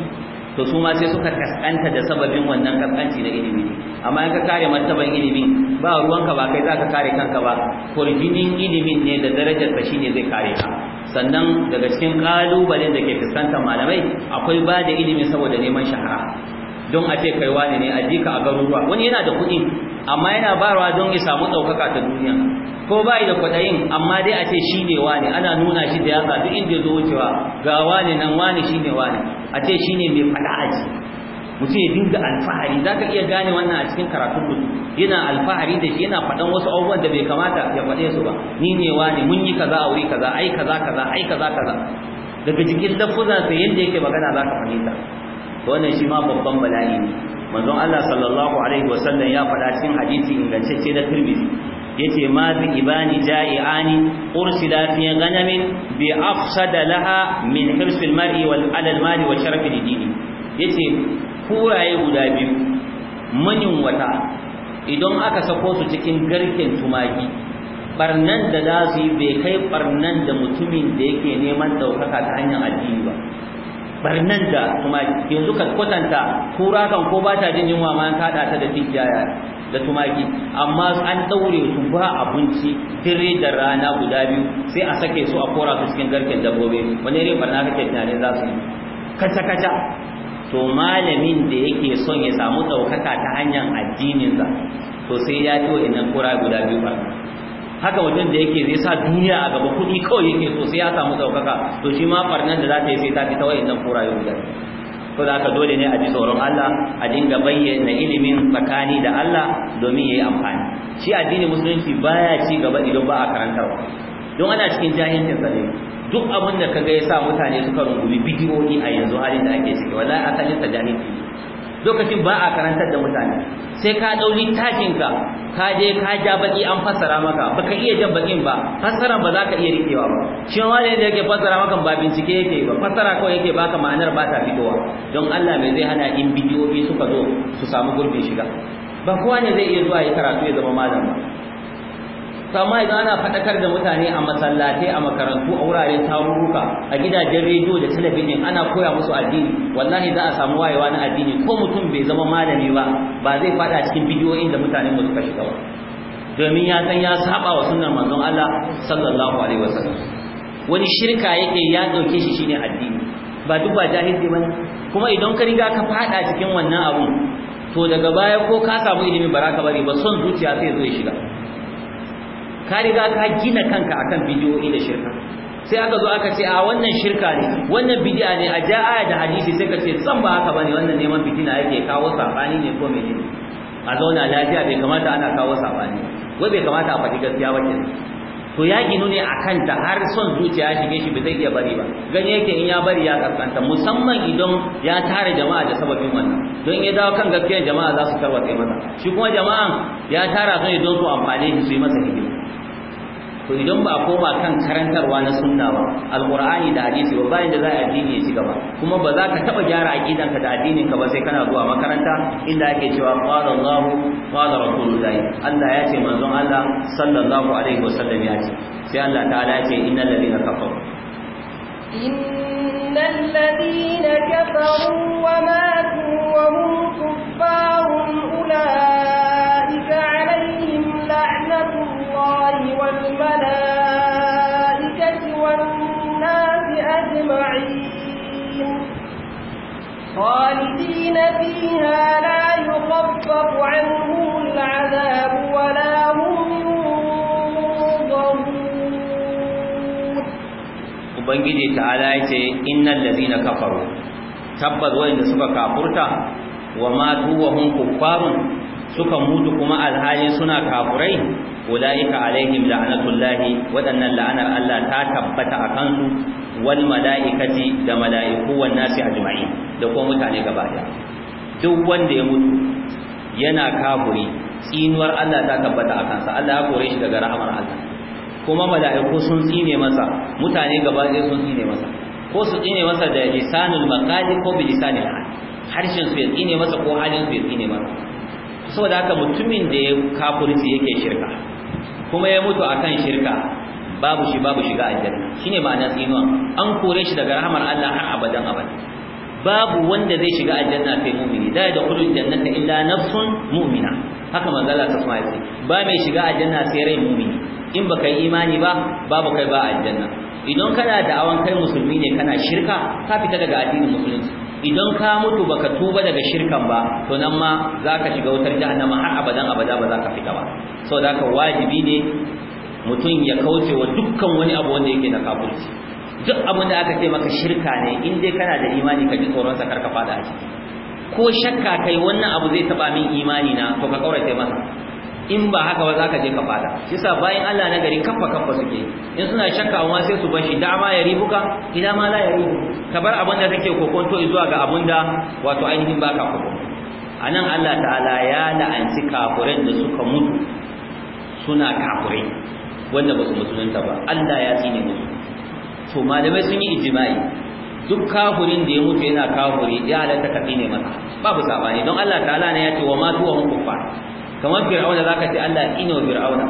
Speaker 1: to su ma sai suka kaskanta da sababin wannan kaskanci da ilimi amma in ka kare martaban ilimin ba ruwanka ba kai zaka kare kanka ba kurjinin ilimin ne da darajar shi shine zai kare ka sannan daga cikin kalubalen da ke fuskantar malamai akwai ba da ilimi saboda neman shahara don a ce kai wani ne a jika a garuruwa wani yana da kuɗi amma yana bayarwa don ya samu daukaka ta duniya ko bai da kudayin amma dai a ce shi ne wani ana nuna shi da yaka duk inda zo wucewa ga wani nan wani shi ne wani a ce shi ne mai faɗa aji mutum ya dinga alfahari za ka iya gane wannan a cikin karatun mutum yana alfahari da shi yana faɗan wasu abubuwan da bai kamata ya faɗe su ba ni ne wani mun yi kaza a wuri kaza ai kaza kaza ai kaza kaza daga jikin lafuzansa yadda yake magana za ka fahimta wannan shi ma babban bala'i ne manzon Allah sallallahu alaihi wasallam ya faɗa cikin hadisi ingantacce da Tirmidhi yace ma bi ibani ja'iani ursila fi ganamin bi afsada laha min hirsi almar'i wal alal mali wa sharafi dini yace kuraye guda biyu munin wata idan aka sako su cikin garken tumaki barnan da za yi bai kai barnan da mutumin da yake neman ɗaukaka ta hanyar addini ba barnan da tumaki yanzu ka kwatanta kura kan ko ba ta jin yunwa ma an kada ta da tijiya da tumaki amma an daure su ba abinci dire da rana guda biyu sai a sake su a kora su cikin garken dabbobi wani irin barna kake tunanin za su yi kaca kaca to malamin da yake son ya samu daukaka ta hanyar addininsa to sai ya ci wa'innan kura guda biyu ba. haka wajen da yake zai sa duniya a gaba kuɗi kawai yake so sai ya samu ɗaukaka to shi ma farnan da za ta yi sai ta fi ta wa'innan furayen guda ko da haka dole ne a ji tsoron Allah a dinga bayyana ilimin tsakani da Allah domin yayi amfani shi addinin musulunci baya ci gaba idan ba a karantarwa don ana cikin jahilcin sa ne duk abin da kaga sa mutane suka rungumi bidiyoyi a yanzu halin da ake ciki wallahi asalin sa jahilci lokacin ba a karantar da mutane sai ka dau littafin ka ka je ka ja baki an fassara maka baka iya jan bakin ba fassara ba za ka iya rikewa ba shin wani da yake fassara maka ba bincike yake ba fassara kawai yake baka ma'anar ba ta fitowa don Allah mai zai hana in bidiyoyi suka zo su samu gurbin shiga ba kowa ne zai iya zuwa ya karatu ya zama malam ba sama idan ana faɗakar da mutane a masallatai a makarantu a wuraren tarurruka a gidajen rediyo da talabijin ana koya musu addini wallahi za a samu wayewa na addini ko mutum bai zama malami ba ba zai faɗa cikin bidiyoyin da mutane mu suka shiga ba domin ya san ya saba wa sunnar manzon Allah sallallahu alaihi wasallam wani shirka yake ya dauke shi shine addini ba duk ba jahili bane kuma idan ka riga ka fada cikin wannan abun to daga baya ko ka samu ilimi baraka bari ba son zuciya sai zo ya shiga ka riga ka gina kanka akan bidiyoyi da shirka sai aka zo aka ce a wannan shirka ne wannan bid'a ne a ja aya da hadisi sai ka ce san ba haka bane wannan neman fitina yake kawo sabani ne ko ne a zauna lafiya bai kamata ana kawo sabani wai bai kamata a faɗi gaskiya ba kenan to ya ginu ne a kanta har son zuciya shige shi bai zai iya bari ba gani yake in ya bari ya kaskanta musamman idan ya tare jama'a da sababin wannan don ya dawo kan gaskiyar jama'a za su tarwatsa masa shi kuma jama'an ya tara su ne don su amfane shi su yi masa hidima to idan ba a koma kan karantarwa na sunna ba alqur'ani da hadisi ba bayan da za a addini ya ci gaba kuma ba za ka taba gyara aqidanka da addinin ka ba sai kana zuwa makaranta inda ake cewa qala Allah qala Rasulullah Allah ya ce manzon Allah sallallahu alaihi wasallam ya ce sai Allah ta'ala ya ce innal ladina kafaru
Speaker 2: innal ladina kafaru wa matu والملائكة والناس أجمعين خالدين فيها لا يخفف عنهم العذاب ولا هم ينظرون
Speaker 1: وبنجي تعالى إن الذين كفروا tabbas wayanda suka kafurta wa matu wa hum kuffarun suka mutu kuma alhali suna kafurai ulaika alaihim la'natullahi wadannan la'anar Allah ta tabbata akan su wal malaikati da malaiku wan nasi ajma'in da kuma mutane gaba daya duk wanda ya mutu yana kafuri tsinuwar Allah ta tabbata akan sa Allah ya kore shi daga rahamar Allah kuma malaiku sun tsine masa mutane gaba daya sun tsine masa ko su tsine masa da lisanul maqali ko bi lisanil hal harshen su ya tsine masa ko halin su ya tsine masa saboda haka mutumin da ya kafurci yake shirka kuma ya mutu akan shirka babu shi babu shiga aljanna shine ma'ana tsinuwa an kore shi daga rahmar Allah har abadan abada babu wanda zai shiga aljanna sai mu'mini da da kullu jannata illa nafsun mu'mina haka manzo Allah ta ba mai shiga aljanna sai rai mu'mini in baka yi imani ba babu kai ba aljanna idan kana da awan kai musulmi ne kana shirka ka fita daga addinin musulunci idan ka mutu baka tuba daga shirkan ba to nan ma zaka shiga wutar jahannama har abadan abada ba zaka fita ba saboda haka wajibi ne mutum ya kauce wa dukkan wani abu wanda yake na kafirci duk abin da aka ce maka shirka ne in dai kana da imani ka ji tsoron sa karka fada a ciki ko shakka kai wannan abu zai taba min imani na to ka kaurace masa in ba haka ba za ka je ka fada yasa bayan Allah na gari kafa kafa suke in suna shakka amma sai su bar shi dama ya ribuka idan ma la ya ribu ka bar abin da kake kokonto zuwa ga abin da wato ainihin baka kokonto anan Allah ta'ala ya la'anci kafirin da suka mutu suna kafirai wanda ba su musulunta ba Allah ya tsine musu to malamai sun yi ijma'i duk kafirin da ya mutu yana kafiri ya halatta ka tsine masa babu sabani don Allah ta'ala ne ya ce wa ma tuwa hum kuffar kamar fir'auna zaka ce Allah ya tsine wa fir'auna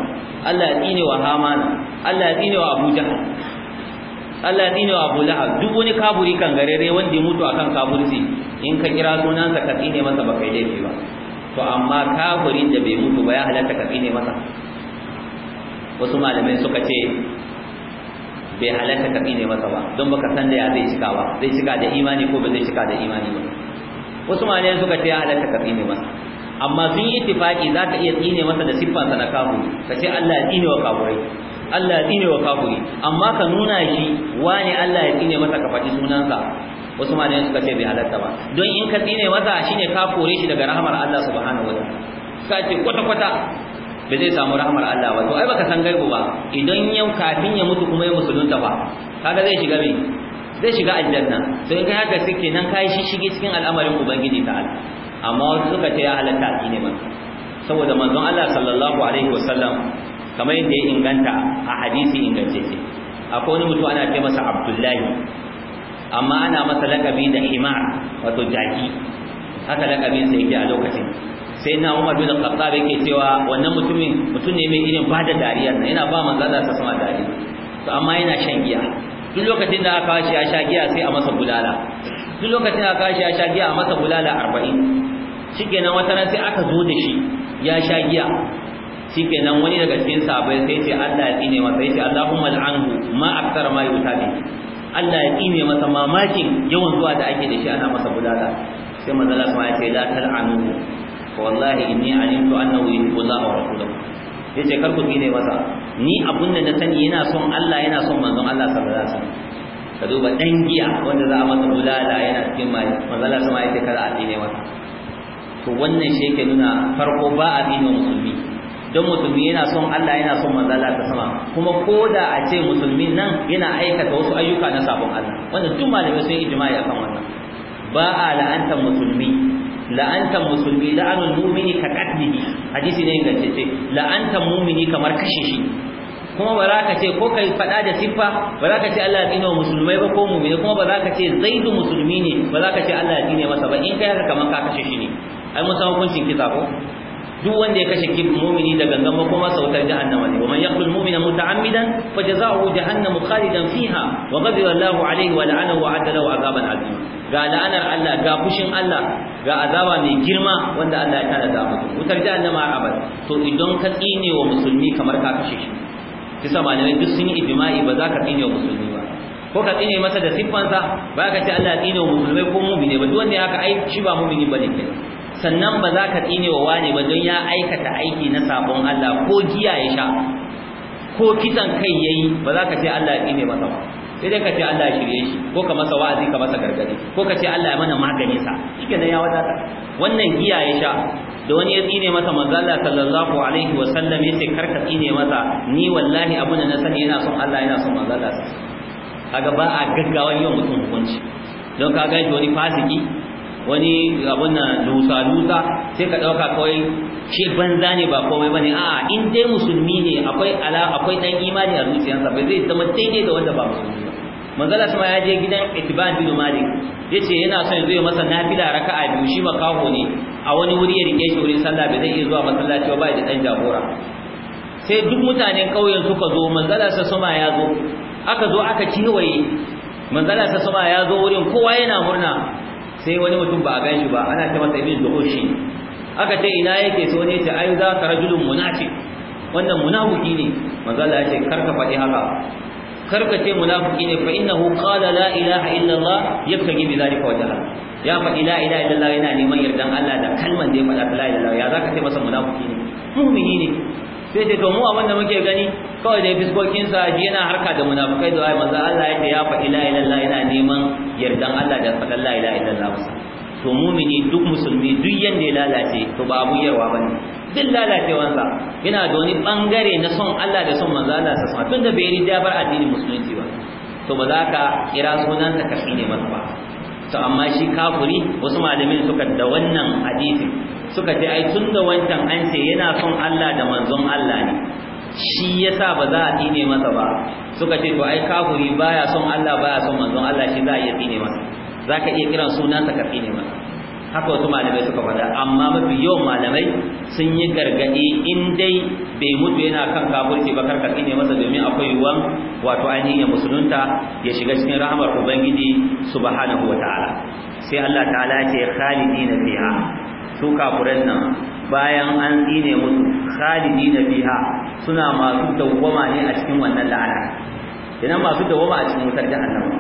Speaker 1: Allah ya tsine wa Haman Allah ya tsine wa abu jahal Allah ya tsine wa abu lahab duk wani kaburi kan garere wanda ya mutu akan kaburci in ka kira sa ka tsine masa ba kai laifi ba to amma kaburin da bai mutu ba ya halatta ka tsine masa wasu malamai suka ce bai halatta ka tsine masa ba don baka san da ya zai shiga ba zai shiga da imani ko ba zai shiga da imani ba wasu malamai suka ce ya halatta ka tsine masa amma sun yi tifaki za ka iya tsine masa da siffansa na kafuri ka ce Allah ya tsine wa kafuri Allah ya tsine wa kafuri amma ka nuna shi wani Allah ya tsine masa ka faɗi sunansa wasu malayan suka ce bai halatta ba don in ka tsine masa shine ka kore shi daga rahamar Allah subhanahu wa ta'ala ka ce kwata kwata ba zai samu rahamar Allah ba to ai baka san gaibu ba idan yau kafin ya mutu kuma ya musulunta ba kaga zai shiga me zai shiga aljanna sai in kai haka suke nan kai shi shige cikin al'amarin ubangiji ta'ala amma wasu suka ce ya halatta ne ba. saboda manzon Allah sallallahu alaihi wasallam kamar yadda ya inganta a hadisi ce akwai wani mutum ana ce masa Abdullahi amma ana masa lakabi da himar wato jaki haka lakabin sa yake a lokacin sai na Umar bin Khattab yake cewa wannan mutumin mutum ne mai irin bada dariyar nan yana ba manzon Allah sallallahu alaihi wasallam dariya to amma yana shan giya duk lokacin da aka washe ya sha giya sai a masa bulala duk lokacin aka shi ya sha giya a masa bulala 40 shikenan wata ran sai aka zo da shi ya sha giya shikenan wani daga cikin sabai sai ce Allah ya tsine masa Sai ce Allahumma al'anhu ma akthar ma yutabi Allah ya tsine masa mamakin yawan zuwa da ake da shi ana masa bulala sai manzala Allah ya ce la tal'anu wallahi inni alimtu annahu yuhibbullaha wa rasuluhu yace kar ku tsine masa ni abun da na sani yana son Allah yana son manzon Allah sallallahu alaihi wasallam ka duba dan giya wanda za a masa bulala yana cikin mai mazala sama ya ce kada a dine masa to wannan shi yake nuna farko ba a wa musulmi don musulmi yana son Allah yana son mazala ta sama kuma ko da a ce musulmin nan yana aikata wasu ayyuka na sabon Allah wanda duk malamai sun yi ijma'i akan wannan ba a la'antar musulmi la'antar musulmi la'anul mu'mini ka qatlihi hadisi ne ga ingantacce la'antan mu'mini kamar kashe shi kuma ba za ka ce ko kai faɗa da siffa ba za ka ce Allah ya tsine wa musulmai ba ko mu'mini kuma ba za ka ce zaidu musulmi ne ba za ka ce Allah ya tsine masa ba in kai haka kamar ka kashe shi ne ai mun san hukuncin kisa ko duk wanda ya kashe mu'mini da gangan ba kuma sautar annama ne wa man yaqtul mu'mina muta'ammidan fajaza'uhu jahannamu khalidan fiha wa ghadiba Allahu alayhi wa la'anahu wa 'adda lahu 'adaban 'azima ga la'anar Allah ga fushin Allah ga azaba mai girma wanda Allah ya tana da mutum wutar da jahannama abad to idan ka tsine wa musulmi kamar ka kashe shi kisa malamai duk sun yi ijma'i ba za ka tsine wa musulmi ba ko ka tsine masa da siffansa ba ka ce Allah tsine wa musulmai ko mu'mini ba duk wanda ya haka ai shi ba mu'mini bane ne? sannan ba za ka tsine wa wani ba don ya aikata aiki na sabon Allah ko giya ya sha ko kisan kai yayi ba za ka ce Allah ya tsine masa ba sai dai ka ce Allah ya shirye shi ko ka masa wa'azi ka masa gargadi ko ka ce Allah ya mana magani sa ne ya wadata wannan giya ya sha da wani ya tsine masa manzo Allah sallallahu alaihi wa sallam yace karka tsine masa ni wallahi abun da na sani yana son Allah yana son manzo Allah kaga ba a gaggawa yau mutum hukunci don kaga shi wani fasiki wani abun nan dusa dusa sai ka dauka kawai shi banza ne ba komai bane a'a in dai musulmi ne akwai ala akwai dan imani a zuciyarsa bai zai zama daidai da wanda ba musulmi ba manzala sama ya je gidan Itban bin Malik yace yana son ya masa nafila raka'a biyu shi makaho ne a wani wuri ya rike shi wurin sallah bai zai iya zuwa masallaci ba da dan jagora sai duk mutanen kauyen suka zo manzala sama ya zo aka zo aka kiwaye manzala sama ya zo wurin kowa yana murna sai wani mutum ba a gan shi ba ana ce masa ibn duhushi aka ce ina yake so ne ta ayu za ka rajulun munafiq wannan munafiki ne Manzala ya ce karka faɗi haka karka ce munafiki ne fa innahu qala la ilaha illa Allah yaftagi bi zalika wajha ya fa la ilaha illa Allah yana neman yardan Allah da kalman da ya faɗa la ilaha ya zaka ce masa munafiki ne mu'mini ne sai dai to mu a da muke gani kawai da fiskokin sa ji yana harka da munafikai da ai manzo Allah ya ce ya fa la ilaha allah yana neman yardan Allah da faɗa la ilaha illa Allah to mu'mini duk musulmi duk yanda ya lalace to ba abun yarwa bane duk lalacewansa yana da wani bangare na son Allah da son manzo Allah sa tun da bai rida bar addinin musulunci ba to ba za ka kira sunan ka ne masa ba to amma shi kafuri wasu malamin suka da wannan hadisi suka ce ai tun da wancan an ce yana son Allah da manzon Allah ne shi yasa ba za a dine masa ba suka ce to ai kafuri baya son Allah baya son manzon Allah shi za a iya dine masa zaka iya kiran sunansa ka ne masa haka wasu malamai suka faɗa amma mafi yawan malamai sun yi gargaɗi in dai bai mutu yana kan kafurci ba karka ne masa domin akwai yiwuwan wato ainihin ya musulunta ya shiga cikin rahamar ubangiji subhanahu wa ta'ala sai Allah ta'ala ya ce khalidina fiha su kafuran nan bayan an tsine musu khalidina fiha suna masu dawwama ne a cikin wannan la'ana idan masu dawwama a cikin wutar jahannama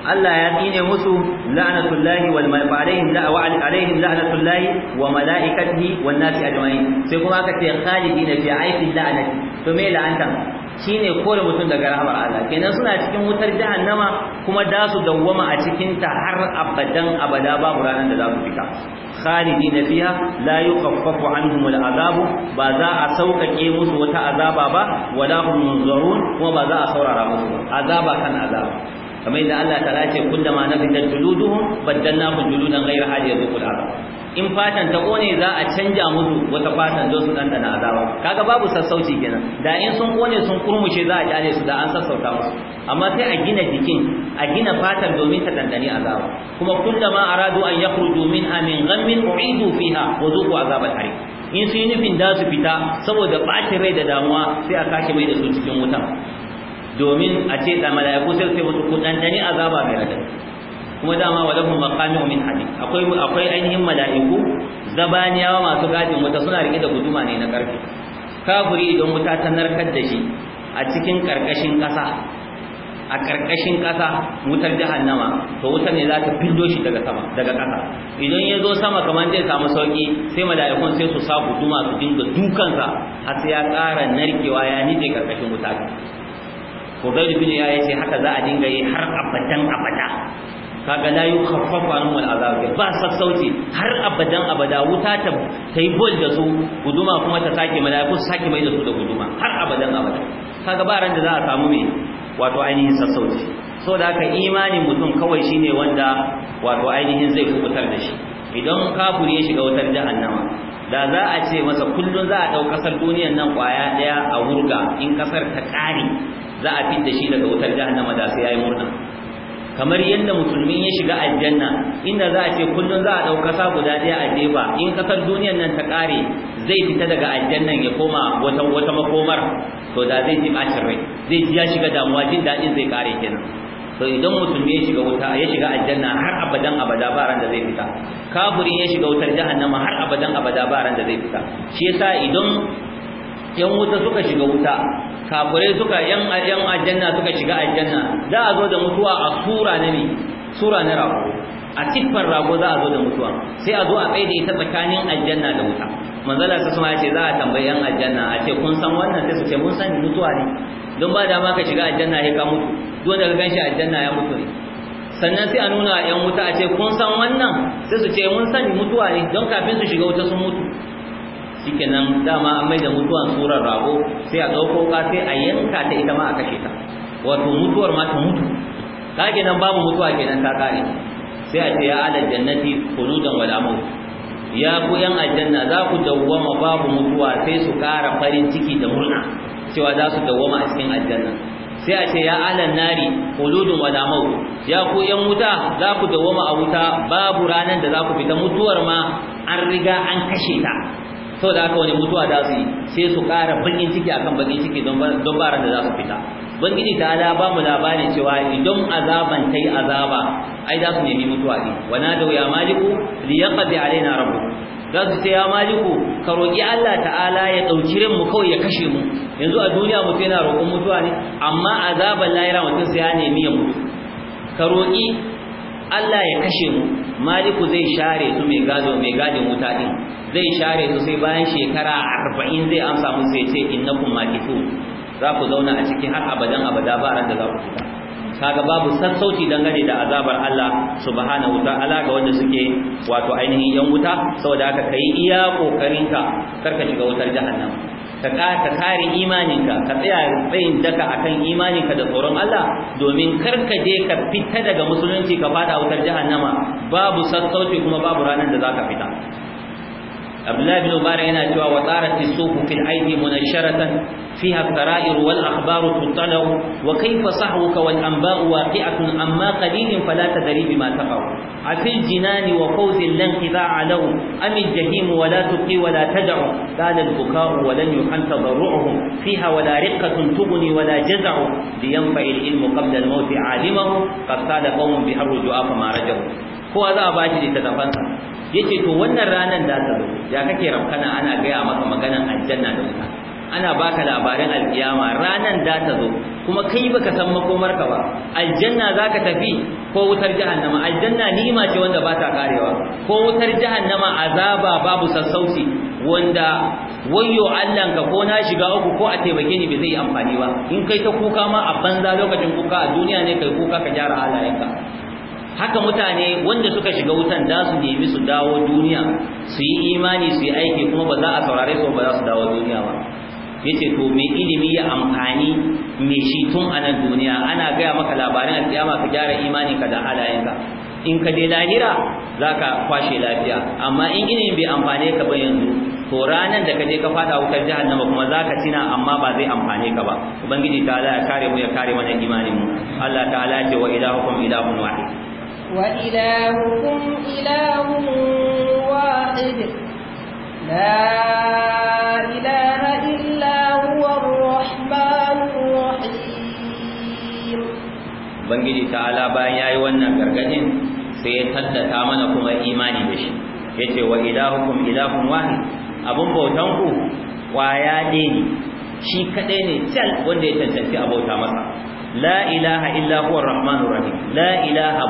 Speaker 1: Allah ya tsine musu la'natullahi wal malaikatu alaihim la'natullahi wa malaikatihi wan nasi ajma'in sai kuma aka ce khalidina fi aifi la'nati to me la'anta shine kore mutum daga rahmar Allah kenan suna cikin wutar jahannama kuma da su dawwama a cikin ta har abadan abada babu ranar da za su fita khalidina fiha la yukhaffafu anhum al'azab ba za a sauƙaƙe musu wata azaba ba wala hum munzarun kuma ba za a saurara musu azaba kan azaba kamar da Allah ta ce kullama nafidat juluduhum baddalnahum juludan ghayra hadi yadukul azab in fatan ta kone za a canja musu wata fatan don su dandana azaba kaga babu sassauci kenan da in sun kone sun kurmushe za a kyale su da an sassauta musu amma sai a gina jikin a gina fatan domin ta dandani azaba kuma kullama aradu an yakhruju minha min ghammin u'idu fiha wa zuqu azabal in su yi nufin da su fita saboda ɓacin rai da damuwa sai a kashe mai da su cikin wutan domin a ce da malaiku sai sai musu azaba mai rada kuma dama walahum maqamun min hadid akwai akwai ainihin malaiku zabaniyawa masu gadin wuta suna rike da guduma ne na karfe kafiri idan wuta ta narkar da shi a cikin karkashin kasa a karkashin kasa wutar jahannama to wutar ne za ta fillo shi daga sama daga kasa idan ya zo sama kamar zai samu sauki sai mala'ikun sai su sa guduma su dinga dukansa har sai ya ƙara narkewa ya nitse karkashin wuta ubayd bin ya yace haka za a dinga yi har abadan abada kaga la yukhaffafu anhum al'azab ba sassauci har abadan abada wuta ta tayi bol da su guduma kuma ta sake malaiku su sake mai da su da guduma har abadan abada kaga ba ran da za a samu me wato ainihin sassauci so da haka imanin mutum kawai shine wanda wato ainihin zai kubutar da shi idan kafiri ya shiga wutar jahannama da za a ce masa kullun za a dau kasar duniyar nan kwaya daya a wurga in kasar ta kare za a fitta shi daga wutar jahannama da sai yayi murna kamar yadda musulmi ya shiga aljanna inda za a ce kullun za a dauka kasa guda daya a jefa in kasar duniyar nan ta kare zai fita daga aljannan ya koma wata wata makomar to da zai ji bacin rai zai ji ya shiga damuwa jin dadin zai kare kenan to idan musulmi ya shiga wuta ya shiga aljanna har abadan abada ba ran da zai fita kafirin ya shiga wutar jahannama har abadan abada ba ran da zai fita shi yasa idan yan wuta suka shiga wuta kafure suka yan ajan aljanna suka shiga aljanna za a zo da mutuwa a sura na ne sura na rago a siffar rago za a zo da mutuwa sai a zo a tsaye da ita tsakanin aljanna da wuta manzala ta suma ce za a tambayi yan aljanna a ce kun san wannan sai su ce mun sani mutuwa ne don ba dama ka shiga aljanna sai ka mutu duk da ka ganshi aljanna ya mutu ne sannan sai a nuna yan wuta a ce kun san wannan sai su ce mun sani mutuwa ne don kafin su shiga wuta sun mutu shikenan dama an maida mutuwan surar rago sai a dauko ka sai a yanka ta ita ma a kashe ta wato mutuwar ma ta mutu ka kenan babu mutuwa kenan ta kare sai a ce ya ala jannati khuludan wala maut ya ku yan aljanna za ku dawwama babu mutuwa sai su kara farin ciki da murna cewa za su dawwama a cikin aljanna sai a ce ya ala nari khuludun wala maut ya ku yan wuta za ku dawwama a wuta babu ranan da za ku fita mutuwar ma an riga an kashe ta sau da aka wani mutuwa za su yi sai su ƙara bangin ciki akan bangin ciki don baran da za su fita Bangin ta ala ba mu labarin cewa idan azaban ta yi azaba ai za su nemi mutuwa ne wana da ya maliku liyaqdi na rabu za su ce ya maliku ka roƙi Allah ta'ala ya ɗauki ran mu kawai ya kashe mu yanzu a duniya mutum yana roƙon mutuwa ne amma azaban lahira mutum sai ya nemi ya mutu ka roƙi Allah ya kashe mu maliku zai share su mai gado mai gadin wuta din zai share su sai bayan shekara arba'in zai amsa musu ya ce innakum makithun za ku zauna a ciki har abadan abada ba ran da za ku fita kaga babu sassauci dangane da azabar Allah subhanahu ta'ala ga wanda suke wato ainihin yan wuta saboda haka kai iya kokarinka karka shiga wutar jahannam ka ka kare imaninka ka tsaya tsayin daka akan imaninka da tsoron Allah domin kar ka je ka fita daga musulunci ka fada wutar jahannama babu sassauci kuma babu ranar da za ka fita abdullahi bin mubarak yana cewa wa tsarat sufu fil aidi munasharatan fiha sarair wal akhbaru tutala wa kayfa sahwuka wal anba'u waqi'atun amma qalilin fala tadri bima taqaw afil jinani wa fawzin lan qida'a lahu am al jahim wa la tuqi wa la tad'u kana al buka'u wa lan yuhan tadarruhum fiha wa la riqqatun tughni wa la jaz'u liyanfa al ilmu qabla al mawt 'alimahu qad qala qawmun bi harru ju'a ma rajahu kowa za a bashi littattafansa ce to wannan ranar da ta zo ya kake rafkana ana gaya maka maganar aljanna da wuta ana baka labarin alkiyama ranan da ta zo kuma kai baka san makomarka ba aljanna zaka tafi ko wutar jahannama aljanna ni'ima ce wanda ba ta karewa ko wutar jahannama azaba babu sassauci wanda wayyo Allah ko na shiga uku ko a taimake ni bai zai amfani ba in kai ta kuka ma a banza lokacin kuka a duniya ne kai kuka ka gyara halayenka haka mutane wanda suka shiga wutan da su nemi su dawo duniya su yi imani su yi aiki kuma ba za a saurare su ba za su dawo duniya ba yace to me ilimi ya amfani me shi tun a nan duniya ana gaya maka labarin alkiyama ka gyara imani ka da halayenka in ka je lahira zaka kwashe lafiya amma in ilimin bai amfane ka ba yanzu to ranan da ka je ka fada wutar jahannama kuma zaka tina amma ba zai amfane ka ba ubangiji ta ya kare mu ya kare mana imanin mu Allah ta'ala ya ce wa ilahukum ilahun wahid
Speaker 2: وإلهكم إله واحد لا إله إلا هو الرحمن الرحيم
Speaker 1: بنجي تعالى بان ياي wannan gargadin sai ya taddata mana kuma imani da shi yace wa ilahukum ilahun wahid abun bautan ku kwaya ɗaya ne shi kadai ne cal wanda ya tantance abota masa la ilaha illa huwa arrahmanur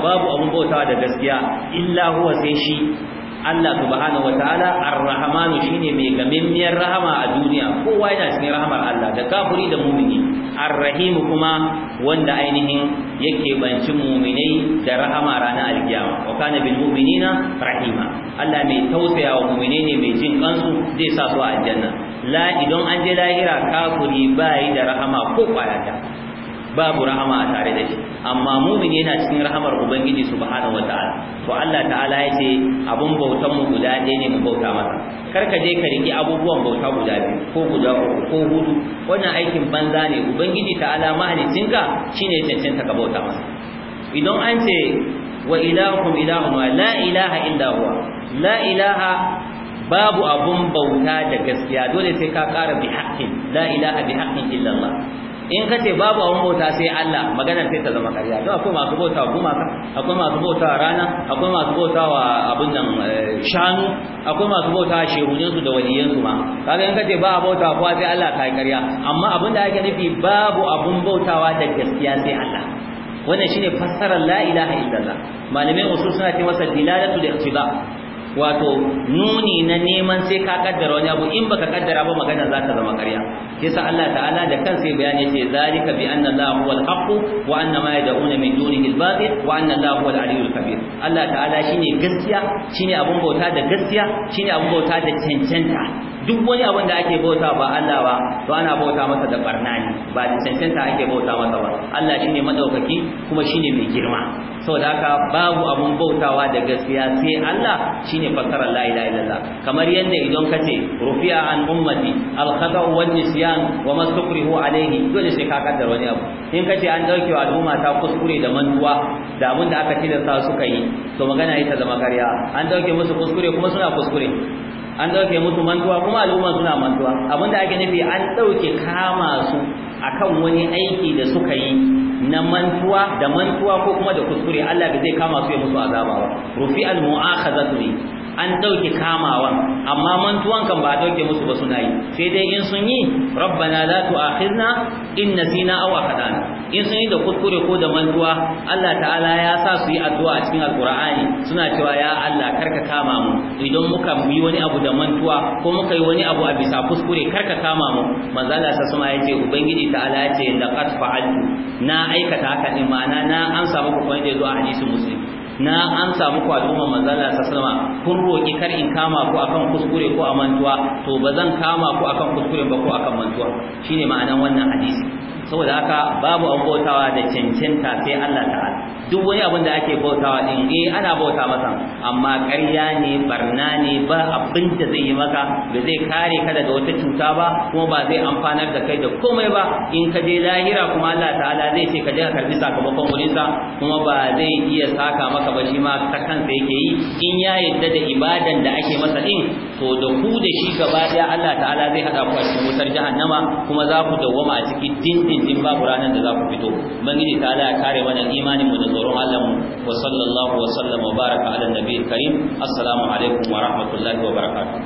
Speaker 1: babu abun bautawa da gaskiya illa sai shi Allah subhanahu wataala arrahmanu shine mai gamimmiyar rahama a duniya kowa yana cikin rahamar Allah da kafuri da mumini arrahim kuma wanda ainihin yake banci muminai da rahama ranar alkiyama wa kana bil mu'minina rahima Allah mai tausaya wa muminai ne mai jin kansu zai sa su a aljanna la idan an je lahira kafuri bai da rahama ko kwayata babu rahama a tare da shi amma mumin yana cikin rahamar ubangiji subhanahu wataala to Allah ta'ala ya ce abun bautan mu guda ɗaya ne mu bauta masa kar ka je ka riki abubuwan bauta guda biyu ko guda uku ko hudu wannan aikin banza ne ubangiji ta'ala mahaliccinka shine cancanta ka bauta masa idan an ce wa ilahukum ilahun la ilaha illa huwa la ilaha babu abun bauta da gaskiya dole sai ka ƙara bi haqqin la ilaha bi haqqin illa Allah in ka ce babu abun bauta sai Allah maganar sai ta zama ƙarya to akwai masu bauta gumaka akwai masu bauta rana akwai masu bauta wa abun nan eh, shanu akwai masu bauta shehunin su da waliyan su ma kaga in ka ce ba bauta kuwa sai Allah kai ƙarya amma abin da ake nufi babu abun bautawa da gaskiya sai Allah wannan shine fassarar la ilaha illallah malamin usul suna ce masa dilalatul iqtida wato nuni na neman sai ka kaddara wani abu in baka kaddara ba magana za ta zama ƙarya yasa Allah ta'ala da kansa ya bayani ce zalika bi anna Allah huwa al-haq wa anna ma yad'una min dunihi al-batil wa anna Allah huwa al-aliyyu al-kabir Allah ta'ala shine gaskiya shine abun bauta da gaskiya shine abun bauta da cancanta duk wani abin da ake bauta ba Allah ba to ana bauta masa da barna ne ba da cancanta ake bauta masa ba Allah shine madaukaki kuma shine mai girma saboda haka babu abun bautawa da gaskiya sai Allah shine fassara la ilaha illallah kamar yadda idan kace ce rufiya an ummati al khata wal nisyan wa mastukrihu alayhi dole sai ka kaddar wani abu in kace an dauke wa al'umma ta kuskure da manduwa da abin da aka tilasta suka yi to magana ita zama karya an dauke musu kuskure kuma suna kuskure an dauke musu mantuwa kuma al'umma suna mantuwa abinda ake nufi an dauke kama su akan wani aiki da suka yi na mantuwa da mantuwa ko kuma da kuskure Allah bai zai kama su ya musu azaba ba rufi al mu'akhazatu an dauke kamawa amma mantuwan kan ba dauke musu ba suna yi sai dai in sun yi rabbana la tu'akhizna in nasina aw akhadana in sun yi da kuskure ko da mantuwa Allah ta'ala ya sa su yi addu'a a cikin alqur'ani suna cewa ya Allah karka kama mu idan muka yi wani abu da mantuwa ko muka yi wani abu a bisa kuskure karka kama mu manzo Allah sa suma yace ubangiji ta'ala yace laqad fa'altu na aikata haka din ma'ana na amsa muku kuma da zo a hadisin muslim na amsa muku al'umma sa sallama kun roki kar in kama ku akan kuskure ko a mantuwa to bazan kama ku akan kuskure ba ko akan mantuwa shine ma'anan wannan hadisi saboda haka babu an bautawa da cancanta sai Allah ta'ala duk wani abin da ake bautawa din eh ana bauta masa amma ƙarya ne barna ne ba abin da zai yi maka ba zai kare ka daga wata cuta ba kuma ba zai amfanar da kai da komai ba in ka je lahira kuma Allah ta'ala zai ce ka je ka karbi sakamakon wurin kuma ba zai iya saka maka ba shi ma ta kansa yake yi in ya yadda da ibadan da ake masa din to da ku da shi gaba ɗaya Allah ta'ala zai hada ku a cikin wutar jahannama kuma za ku dawwama a cikin dindin in babu ranar da za ku fito bangiji ta Allah ya kare mana imanin mu da tsoron Allah mu wa sallallahu wa sallama wa baraka ala nabiyil karim assalamu alaikum wa rahmatullahi wa barakatuh